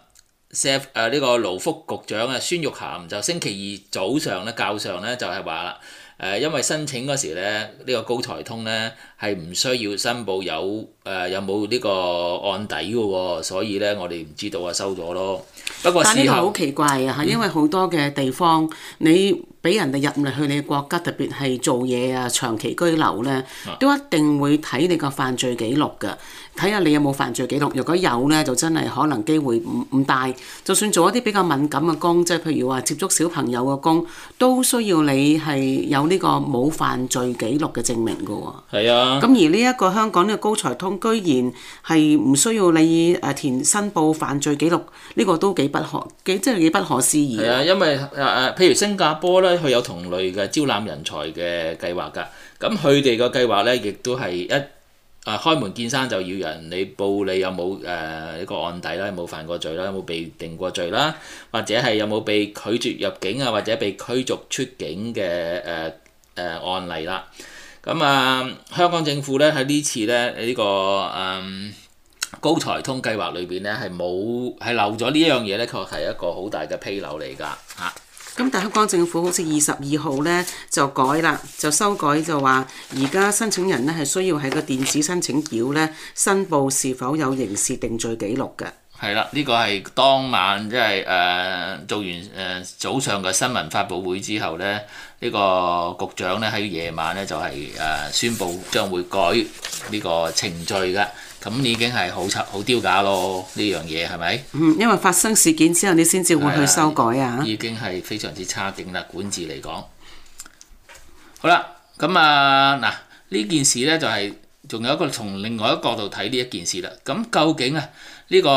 社誒呢個勞福局長啊，孫玉菡就星期二早上，上呢，教上呢就係話啦，因為申請嗰時咧，呢、這個高才通呢。」係唔需要申報有誒、呃、有冇呢個案底嘅喎、哦，所以咧我哋唔知道啊，收咗咯。不過之後好奇怪啊，嗯、因為好多嘅地方你俾人哋入嚟去你國家，特別係做嘢啊、長期居留咧，都一定會睇你個犯罪記錄嘅，睇下你有冇犯罪記錄。如果有咧，就真係可能機會唔唔大。就算做一啲比較敏感嘅工，即係譬如話接觸小朋友嘅工，都需要你係有呢個冇犯罪記錄嘅證明嘅喎、哦。係啊。咁、嗯、而呢一個香港呢個高才通，居然係唔需要你誒填申報犯罪記錄，呢、這個都幾不可幾即係幾不可思議。係啊，因為誒誒、呃，譬如新加坡咧，佢有同類嘅招攬人才嘅計劃㗎。咁佢哋個計劃咧，亦都係一誒、啊、開門見山就要人你報你有冇誒、呃、一個案底啦，有冇犯過罪啦，有冇被定過罪啦，或者係有冇被拒絕入境啊，或者被驅逐出境嘅誒誒案例啦。咁啊、嗯，香港政府咧喺呢次咧呢、呢個誒、嗯、高才通計劃裏邊咧，係冇係漏咗呢一樣嘢咧，確係一個好大嘅批漏嚟噶。嚇、嗯。咁但香港政府好似二十二號咧就改啦，就修改就話而家申請人咧係需要喺個電子申請表咧申報是否有刑事定罪記錄嘅。係啦，呢、呢個係當晚即係誒做完誒、呃、早上嘅新聞發布會之後咧。呢個局長咧喺夜晚咧就係誒宣佈將會改呢個程序㗎，咁已經係好差好丟架咯呢樣嘢係咪？嗯，因為發生事件之後，你先至會去修改啊。嗯、已經係非常之差勁啦，管治嚟講。好啦，咁啊嗱，呢、嗯、件事呢、就係，就係仲有一個從另外一個角度睇呢一件事啦。咁、嗯、究竟啊、呢、呢個誒、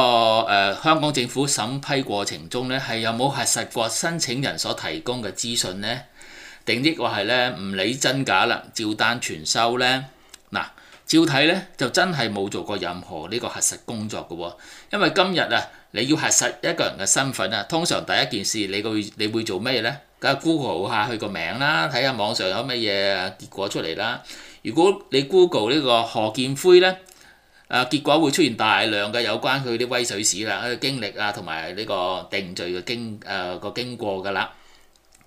呃、香港政府審批過程中呢，係有冇核實過申請人所提供嘅資訊呢？定抑或係咧，唔理真假啦，照單全收咧。嗱，照睇咧就真係冇做過任何呢個核實工作嘅喎。因為今日啊，你要核實一個人嘅身份啊，通常第一件事你會你會做咩咧？梗係 Google 下佢個名啦，睇下網上有乜嘢結果出嚟啦。如果你 Google 呢個何建輝咧，啊，結果會出現大量嘅有關佢啲威水史啦、佢經歷啊，同埋呢個定罪嘅經誒個經過嘅啦。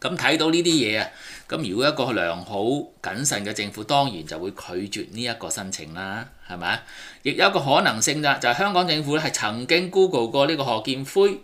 咁睇到呢啲嘢啊，咁如果一個良好謹慎嘅政府，當然就會拒絕呢一個申請啦，係咪啊？亦有一個可能性啫，就係香港政府咧係曾經 Google 過呢個何建輝，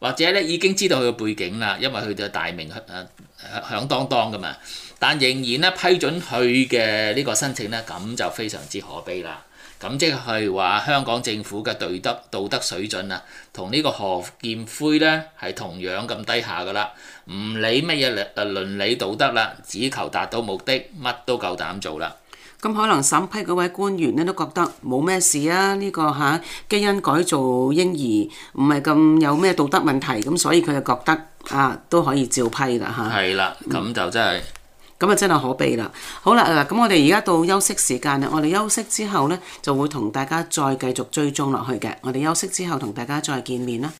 或者呢已經知道佢嘅背景啦，因為佢嘅大名響響響當當㗎嘛，但仍然咧批准佢嘅呢個申請呢，咁就非常之可悲啦。咁即係話香港政府嘅道德道德水準啊，同呢個何建輝呢係同樣咁低下噶啦，唔理乜嘢倫理道德啦，只求達到目的，乜都夠膽做啦。咁可能審批嗰位官員呢都覺得冇咩事啊，呢、這個嚇、啊、基因改造嬰兒唔係咁有咩道德問題，咁所以佢就覺得啊都可以照批啦嚇。係、啊、啦，咁就真係。咁啊，就真係可悲啦！好啦，嗱，咁我哋而家到休息時間啦。我哋休息之後呢，就會同大家再繼續追蹤落去嘅。我哋休息之後同大家再見面啦。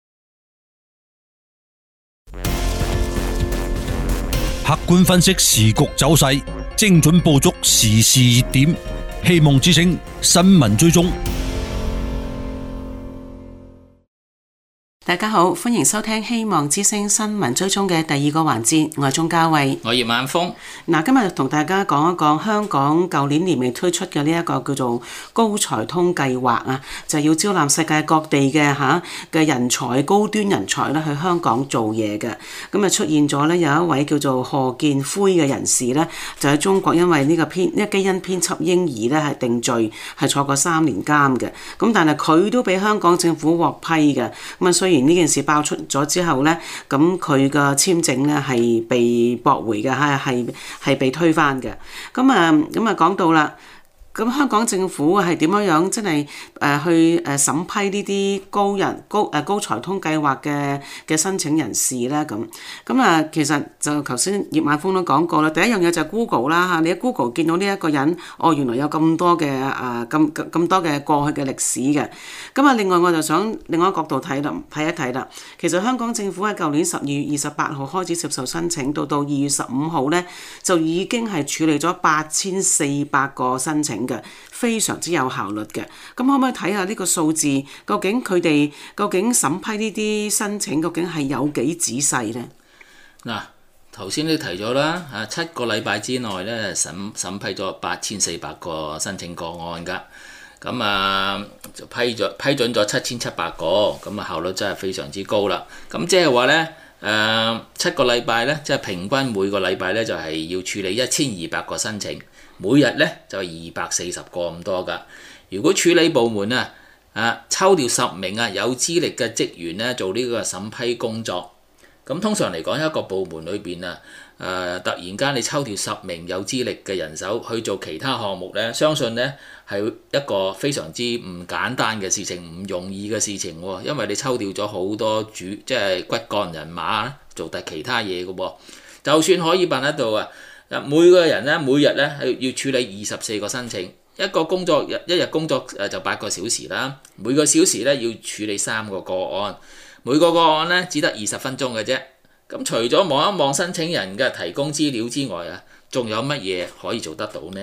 客觀分析時局走勢，精準捕捉時事熱點，希望之聲新聞追蹤。大家好，歡迎收聽希望之聲新聞追蹤嘅第二個環節，我係鍾嘉慧，我葉晚峰。嗱，今日同大家講一講香港舊年年尾推出嘅呢一個叫做高才通計劃啊，就是、要招攬世界各地嘅吓嘅人才，高端人才咧去香港做嘢嘅。咁啊出現咗咧，有一位叫做賀建輝嘅人士咧，就喺中國因為呢個編，呢基因編輯嬰兒咧係定罪，係坐過三年監嘅。咁但係佢都俾香港政府獲批嘅，咁啊所以。然呢件事爆出咗之後咧，咁佢嘅簽證咧係被駁回嘅，係係係被推翻嘅。咁啊，咁啊講到啦。咁香港政府係點樣樣？即係誒去誒審批呢啲高人高誒高才通計劃嘅嘅申請人士咧？咁咁啊，其實就頭先葉萬峰都講過啦。第一樣嘢就係 Google 啦嚇，你喺 Google 見到呢一個人，哦原來有咁多嘅誒咁咁多嘅過去嘅歷史嘅。咁啊，另外我就想另外一個角度睇啦，睇一睇啦。其實香港政府喺舊年十二月二十八號開始接受申請，到到二月十五號咧，就已經係處理咗八千四百個申請。嘅非常之有效率嘅，咁可唔可以睇下呢個數字，究竟佢哋究竟審批呢啲申請，究竟係有幾仔細呢？嗱，啊，頭先你提咗啦，啊，七個禮拜之內咧審審批咗八千四百個申請個案㗎，咁啊就批咗批准咗七千七百個，咁啊效率真係非常之高啦。咁即係話咧誒，七個禮拜咧，即係平均每個禮拜咧就係要處理一千二百個申請，每日咧就二百四十個咁多㗎。如果處理部門啊啊抽調十名啊有資歷嘅職員咧做呢個審批工作，咁通常嚟講一個部門裏邊啊誒突然間你抽調十名有資歷嘅人手去做其他項目咧，相信咧係一個非常之唔簡單嘅事情，唔容易嘅事情喎。因為你抽調咗好多主即係骨幹人馬做得其他嘢嘅喎，就算可以辦得到啊！每個人咧，每日咧，要處理二十四個申請，一個工作日一日工作就八個小時啦，每個小時咧要處理三個個案，每個個案咧只得二十分鐘嘅啫。咁除咗望一望申請人嘅提供資料之外啊，仲有乜嘢可以做得到呢？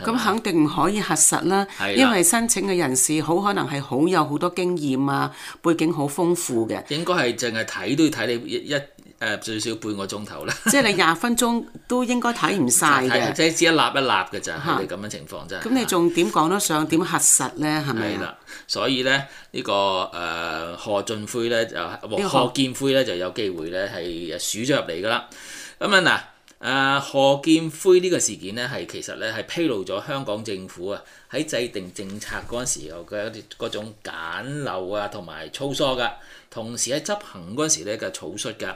咁肯定唔可以核實啦，啊、因為申請嘅人士好可能係好有好多經驗啊，背景好豐富嘅。應該係淨係睇都要睇你一誒最、呃、少半個鐘頭啦，即係你廿分鐘都應該睇唔晒嘅，即係只一立一立嘅咋，佢哋咁樣情況咋。咁你仲點講得上？點核實呢？係咪？係啦，所以、這個呃、呢，呢個誒何俊輝呢，就、呃、何建輝呢就有機會呢，係誒輸咗入嚟㗎啦。咁啊嗱誒何建輝呢個事件呢，係其實呢，係披露咗香港政府啊喺制定政策嗰陣時候嘅嗰種簡陋啊同埋粗疏㗎，同時喺執行嗰陣時呢嘅草率㗎。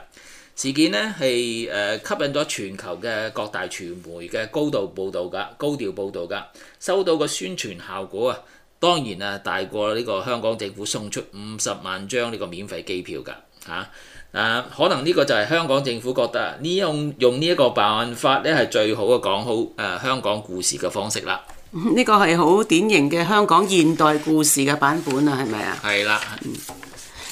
事件呢係誒吸引咗全球嘅各大傳媒嘅高度報導㗎，高調報導㗎，收到個宣傳效果啊，當然啊大過呢個香港政府送出五十萬張呢個免費機票㗎嚇、啊啊、可能呢個就係香港政府覺得呢用用呢一個辦法呢係最好嘅講好誒、啊、香港故事嘅方式啦。呢個係好典型嘅香港現代故事嘅版本啊，係咪啊？係啦。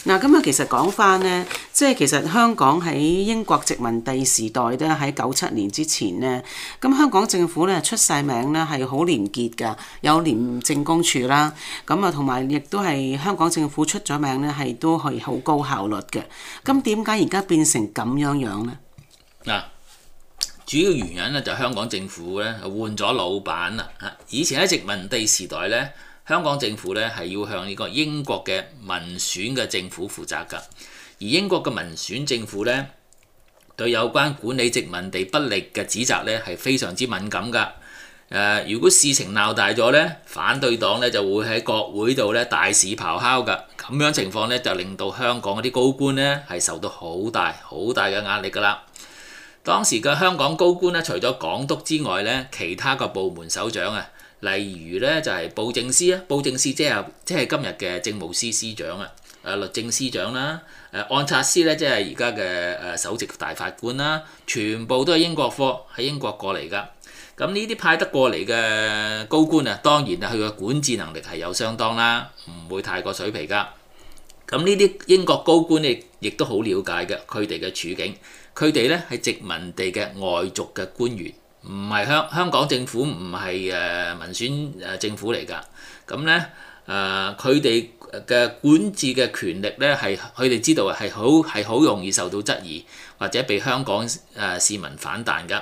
嗱，咁啊，其實講翻呢，即係其實香港喺英國殖民地時代咧，喺九七年之前呢，咁香港政府咧出晒名咧係好廉潔噶，有廉政公署啦，咁啊同埋亦都係香港政府出咗名咧，係都係好高效率嘅。咁點解而家變成咁樣樣呢？嗱，主要原因咧就係香港政府咧換咗老闆啦嚇，以前喺殖民地時代咧。香港政府咧係要向呢個英國嘅民選嘅政府負責㗎，而英國嘅民選政府咧對有關管理殖民地不力嘅指責咧係非常之敏感㗎。誒、呃，如果事情鬧大咗咧，反對黨咧就會喺國會度咧大肆咆哮㗎。咁樣情況咧就令到香港嗰啲高官咧係受到好大好大嘅壓力㗎啦。當時嘅香港高官咧，除咗港督之外咧，其他個部門首長啊。例如咧就係報政司啊，布政司即係即係今日嘅政務司司長啊，律政司長啦，誒按察司咧即係而家嘅首席大法官啦，全部都係英國科，喺英國過嚟噶。咁呢啲派得過嚟嘅高官啊，當然啊佢嘅管治能力係有相當啦，唔會太過水皮噶。咁呢啲英國高官亦都好了解嘅，佢哋嘅處境，佢哋咧係殖民地嘅外族嘅官員。唔係香香港政府唔係誒民選政府嚟㗎，咁呢，誒佢哋嘅管治嘅權力呢，係佢哋知道係好係好容易受到質疑或者被香港誒、呃、市民反彈㗎，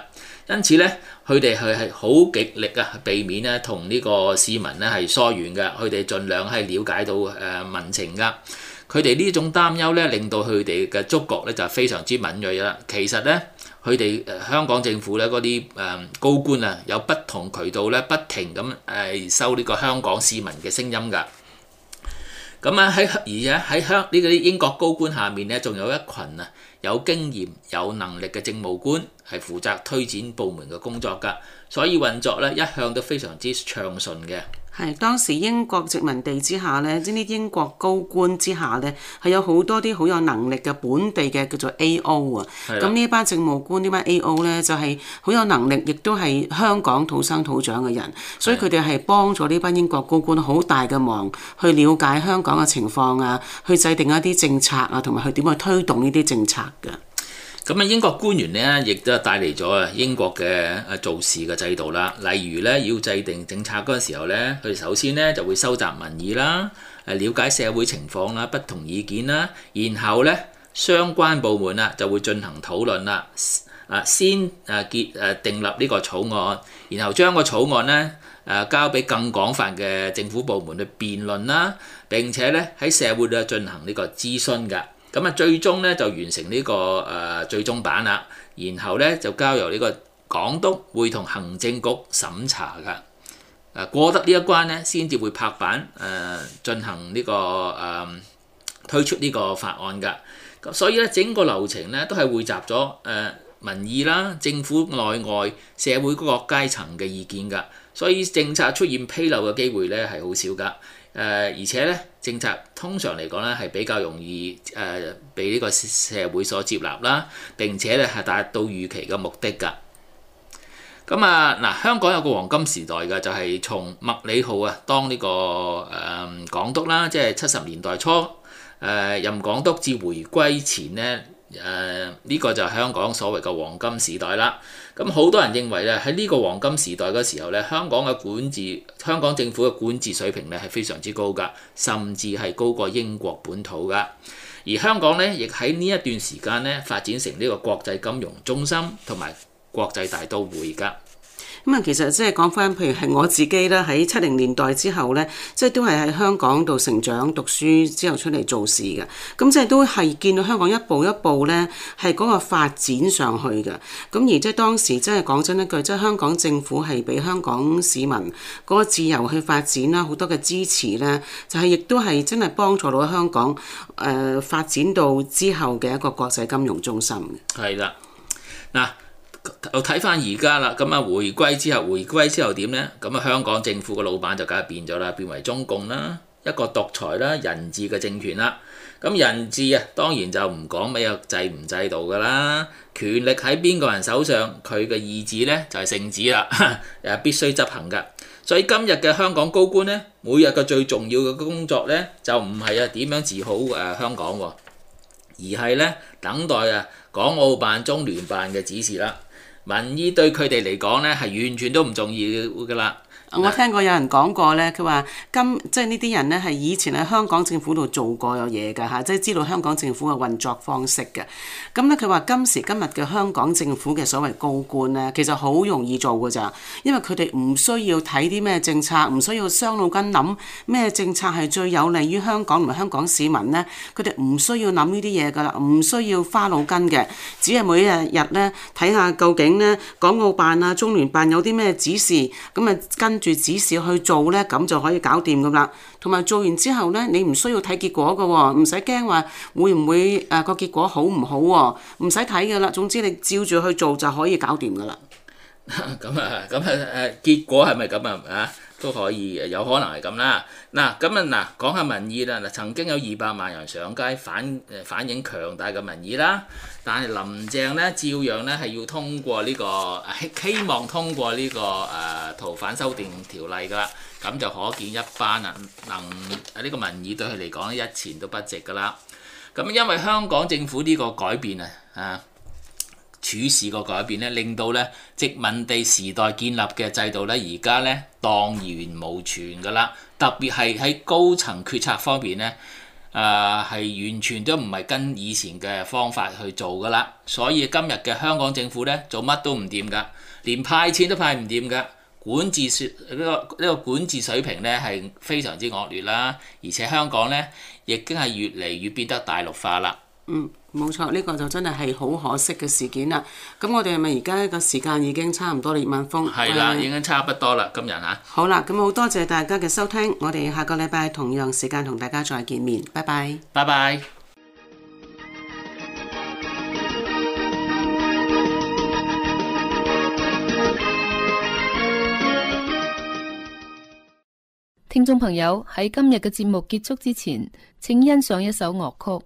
因此呢，佢哋係係好極力啊避免呢同呢個市民呢係疏遠㗎，佢哋盡量係了解到誒、呃、民情㗎，佢哋呢種擔憂呢，令到佢哋嘅觸覺呢就非常之敏銳啦，其實呢。佢哋誒香港政府咧嗰啲誒高官啊，有不同渠道咧，不停咁誒收呢個香港市民嘅聲音㗎。咁啊喺而啊喺香呢嗰啲英國高官下面呢，仲有一群啊有經驗有能力嘅政務官，係負責推展部門嘅工作㗎，所以運作呢，一向都非常之暢順嘅。係當時英國殖民地之下呢，呢啲英國高官之下呢，係有好多啲好有能力嘅本地嘅叫做 A O 啊。咁呢班政務官呢班 A O 呢，就係、是、好有能力，亦都係香港土生土長嘅人，所以佢哋係幫咗呢班英國高官好大嘅忙，去了解香港嘅情況啊，是的 去制定一啲政策啊，同埋去點去推動呢啲政策嘅。咁啊，英國官員咧，亦都帶嚟咗啊英國嘅啊做事嘅制度啦。例如咧，要制定政策嗰陣時候咧，佢哋首先咧就會收集民意啦，誒了解社會情況啦、不同意見啦，然後咧相關部門啊就會進行討論啦，啊先誒結誒訂立呢個草案，然後將個草案咧誒交俾更廣泛嘅政府部門去辯論啦，並且咧喺社會度進行呢個諮詢㗎。咁啊，最終咧就完成呢、這個誒、呃、最終版啦，然後咧就交由呢個港督會同行政局審查噶，誒過得呢一關咧，先至會拍板誒進、呃、行呢、這個誒、呃、推出呢個法案噶。咁所以咧整個流程咧都係匯集咗誒、呃、民意啦、政府內外社會各階層嘅意見噶，所以政策出現紕漏嘅機會咧係好少噶。誒而且咧，政策通常嚟講咧係比較容易誒畀呢個社會所接納啦，並且咧係達到預期嘅目的㗎。咁啊嗱，香港有個黃金時代嘅就係從麥理浩啊當呢、這個誒、呃、港督啦，即係七十年代初誒、呃、任港督至回歸前咧誒呢個就係香港所謂嘅黃金時代啦。咁好多人認為咧，喺呢個黃金時代嘅時候咧，香港嘅管治、香港政府嘅管治水平咧係非常之高㗎，甚至係高過英國本土㗎。而香港咧，亦喺呢一段時間咧發展成呢個國際金融中心同埋國際大都會㗎。咁啊，其實即係講返，譬如係我自己啦，喺七零年代之後咧，即係都係喺香港度成長、讀書之後出嚟做事嘅。咁即係都係見到香港一步一步咧，係嗰個發展上去嘅。咁而即係當時，即係講真一句，即係香港政府係俾香港市民嗰個自由去發展啦，好多嘅支持咧，就係、是、亦都係真係幫助到香港誒、呃、發展到之後嘅一個國際金融中心嘅。係啦，嗱。我睇翻而家啦，咁啊，回歸之後，回歸之後點呢？咁啊，香港政府嘅老闆就梗係變咗啦，變為中共啦，一個獨裁啦、人治嘅政權啦。咁人治啊，當然就唔講咩制唔制度噶啦，權力喺邊個人手上，佢嘅意志呢，就係聖旨啦， 必須執行噶。所以今日嘅香港高官呢，每日嘅最重要嘅工作呢，就唔係啊點樣治好誒香港喎，而係呢，等待啊港澳辦、中聯辦嘅指示啦。民意對佢哋嚟講呢，係完全都唔重要㗎啦。我聽過有人講過咧，佢話今即係呢啲人咧係以前喺香港政府度做過嘢㗎嚇，即係知道香港政府嘅運作方式嘅。咁咧佢話今時今日嘅香港政府嘅所謂高官咧，其實好容易做㗎咋，因為佢哋唔需要睇啲咩政策，唔需要傷腦筋諗咩政策係最有利於香港同埋香港市民咧，佢哋唔需要諗呢啲嘢㗎啦，唔需要花腦筋嘅，只係每一日咧睇下究竟呢港澳辦啊、中聯辦有啲咩指示，咁啊跟。住指示去做咧，咁就可以搞掂噶啦。同埋做完之後咧，你唔需要睇結果噶，唔使驚話會唔會誒個結果好唔好，唔使睇噶啦。總之你照住去做就可以搞掂噶啦。咁啊，咁啊，誒，結果係咪咁啊？啊？都可以，有可能係咁啦。嗱，咁啊，嗱，講下民意啦。嗱，曾經有二百萬人上街反反映強大嘅民意啦，但係林鄭呢，照樣呢係要通過呢個希望通過呢個誒、啊、逃犯修訂條例噶啦。咁就可見一斑啦，能呢個民意對佢嚟講一錢都不值噶啦。咁因為香港政府呢個改變啊啊！處事個改變呢，令到呢殖民地時代建立嘅制度呢，而家呢，蕩然無存噶啦。特別係喺高層決策方面呢，啊、呃、係完全都唔係跟以前嘅方法去做噶啦。所以今日嘅香港政府呢，做乜都唔掂噶，連派錢都派唔掂噶。管治説呢、呢個呢、呢個管治水平呢係非常之惡劣啦。而且香港呢，亦經係越嚟越變得大陸化啦。嗯冇錯，呢個就真係係好可惜嘅事件啦。咁我哋係咪而家個時間已經差唔多？葉敏峯，係啦，嗯、已經差不多啦，今日嚇、啊。好啦，咁好多謝大家嘅收聽，我哋下個禮拜同樣時間同大家再見面，拜拜。拜拜。聽眾朋友喺今日嘅節目結束之前，請欣賞一首樂曲。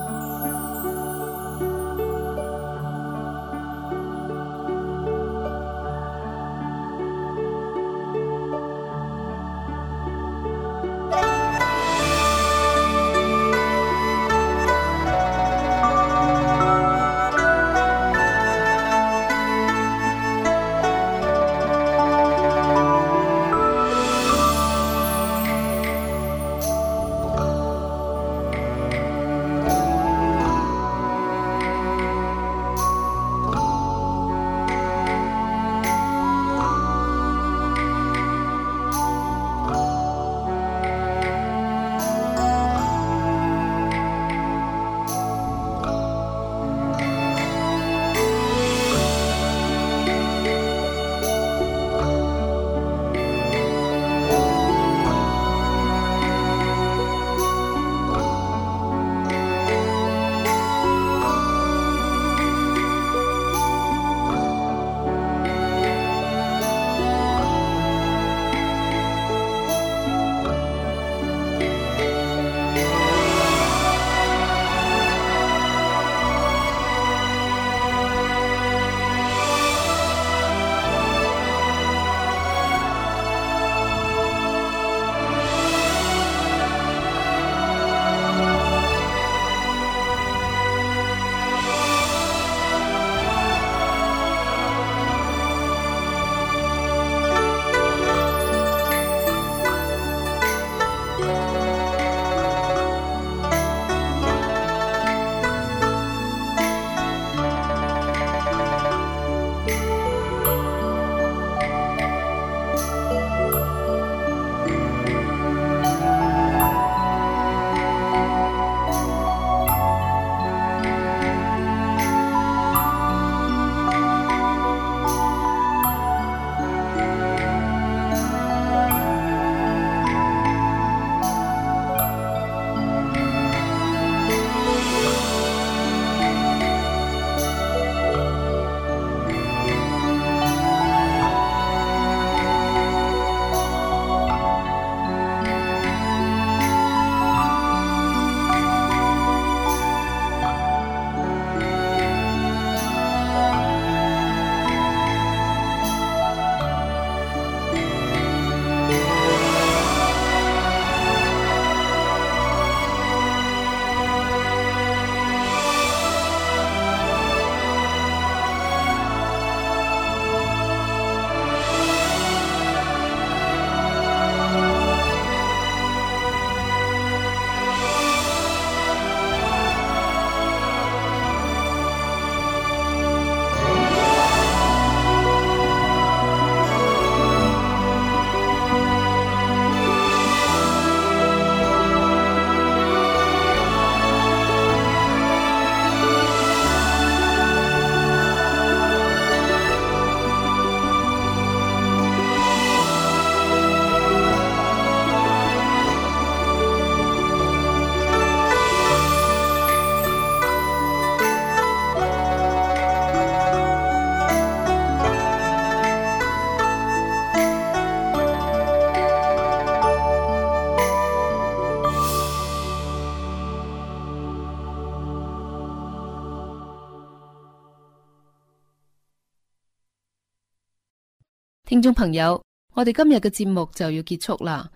聽眾朋友，我哋今日嘅節目就要結束啦，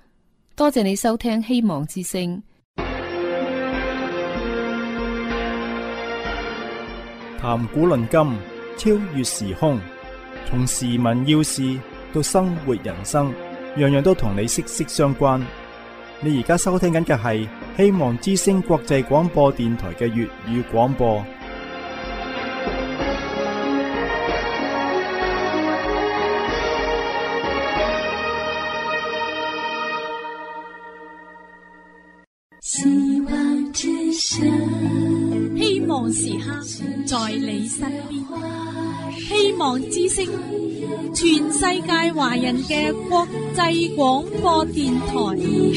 多謝你收聽希望之聲。談古論今，超越時空，從時聞要事到生活人生，樣樣都同你息息相關。你而家收聽緊嘅係希望之聲國際廣播電台嘅粵語廣播。在你身邊，希望之聲，全世界華人嘅國際廣播電台。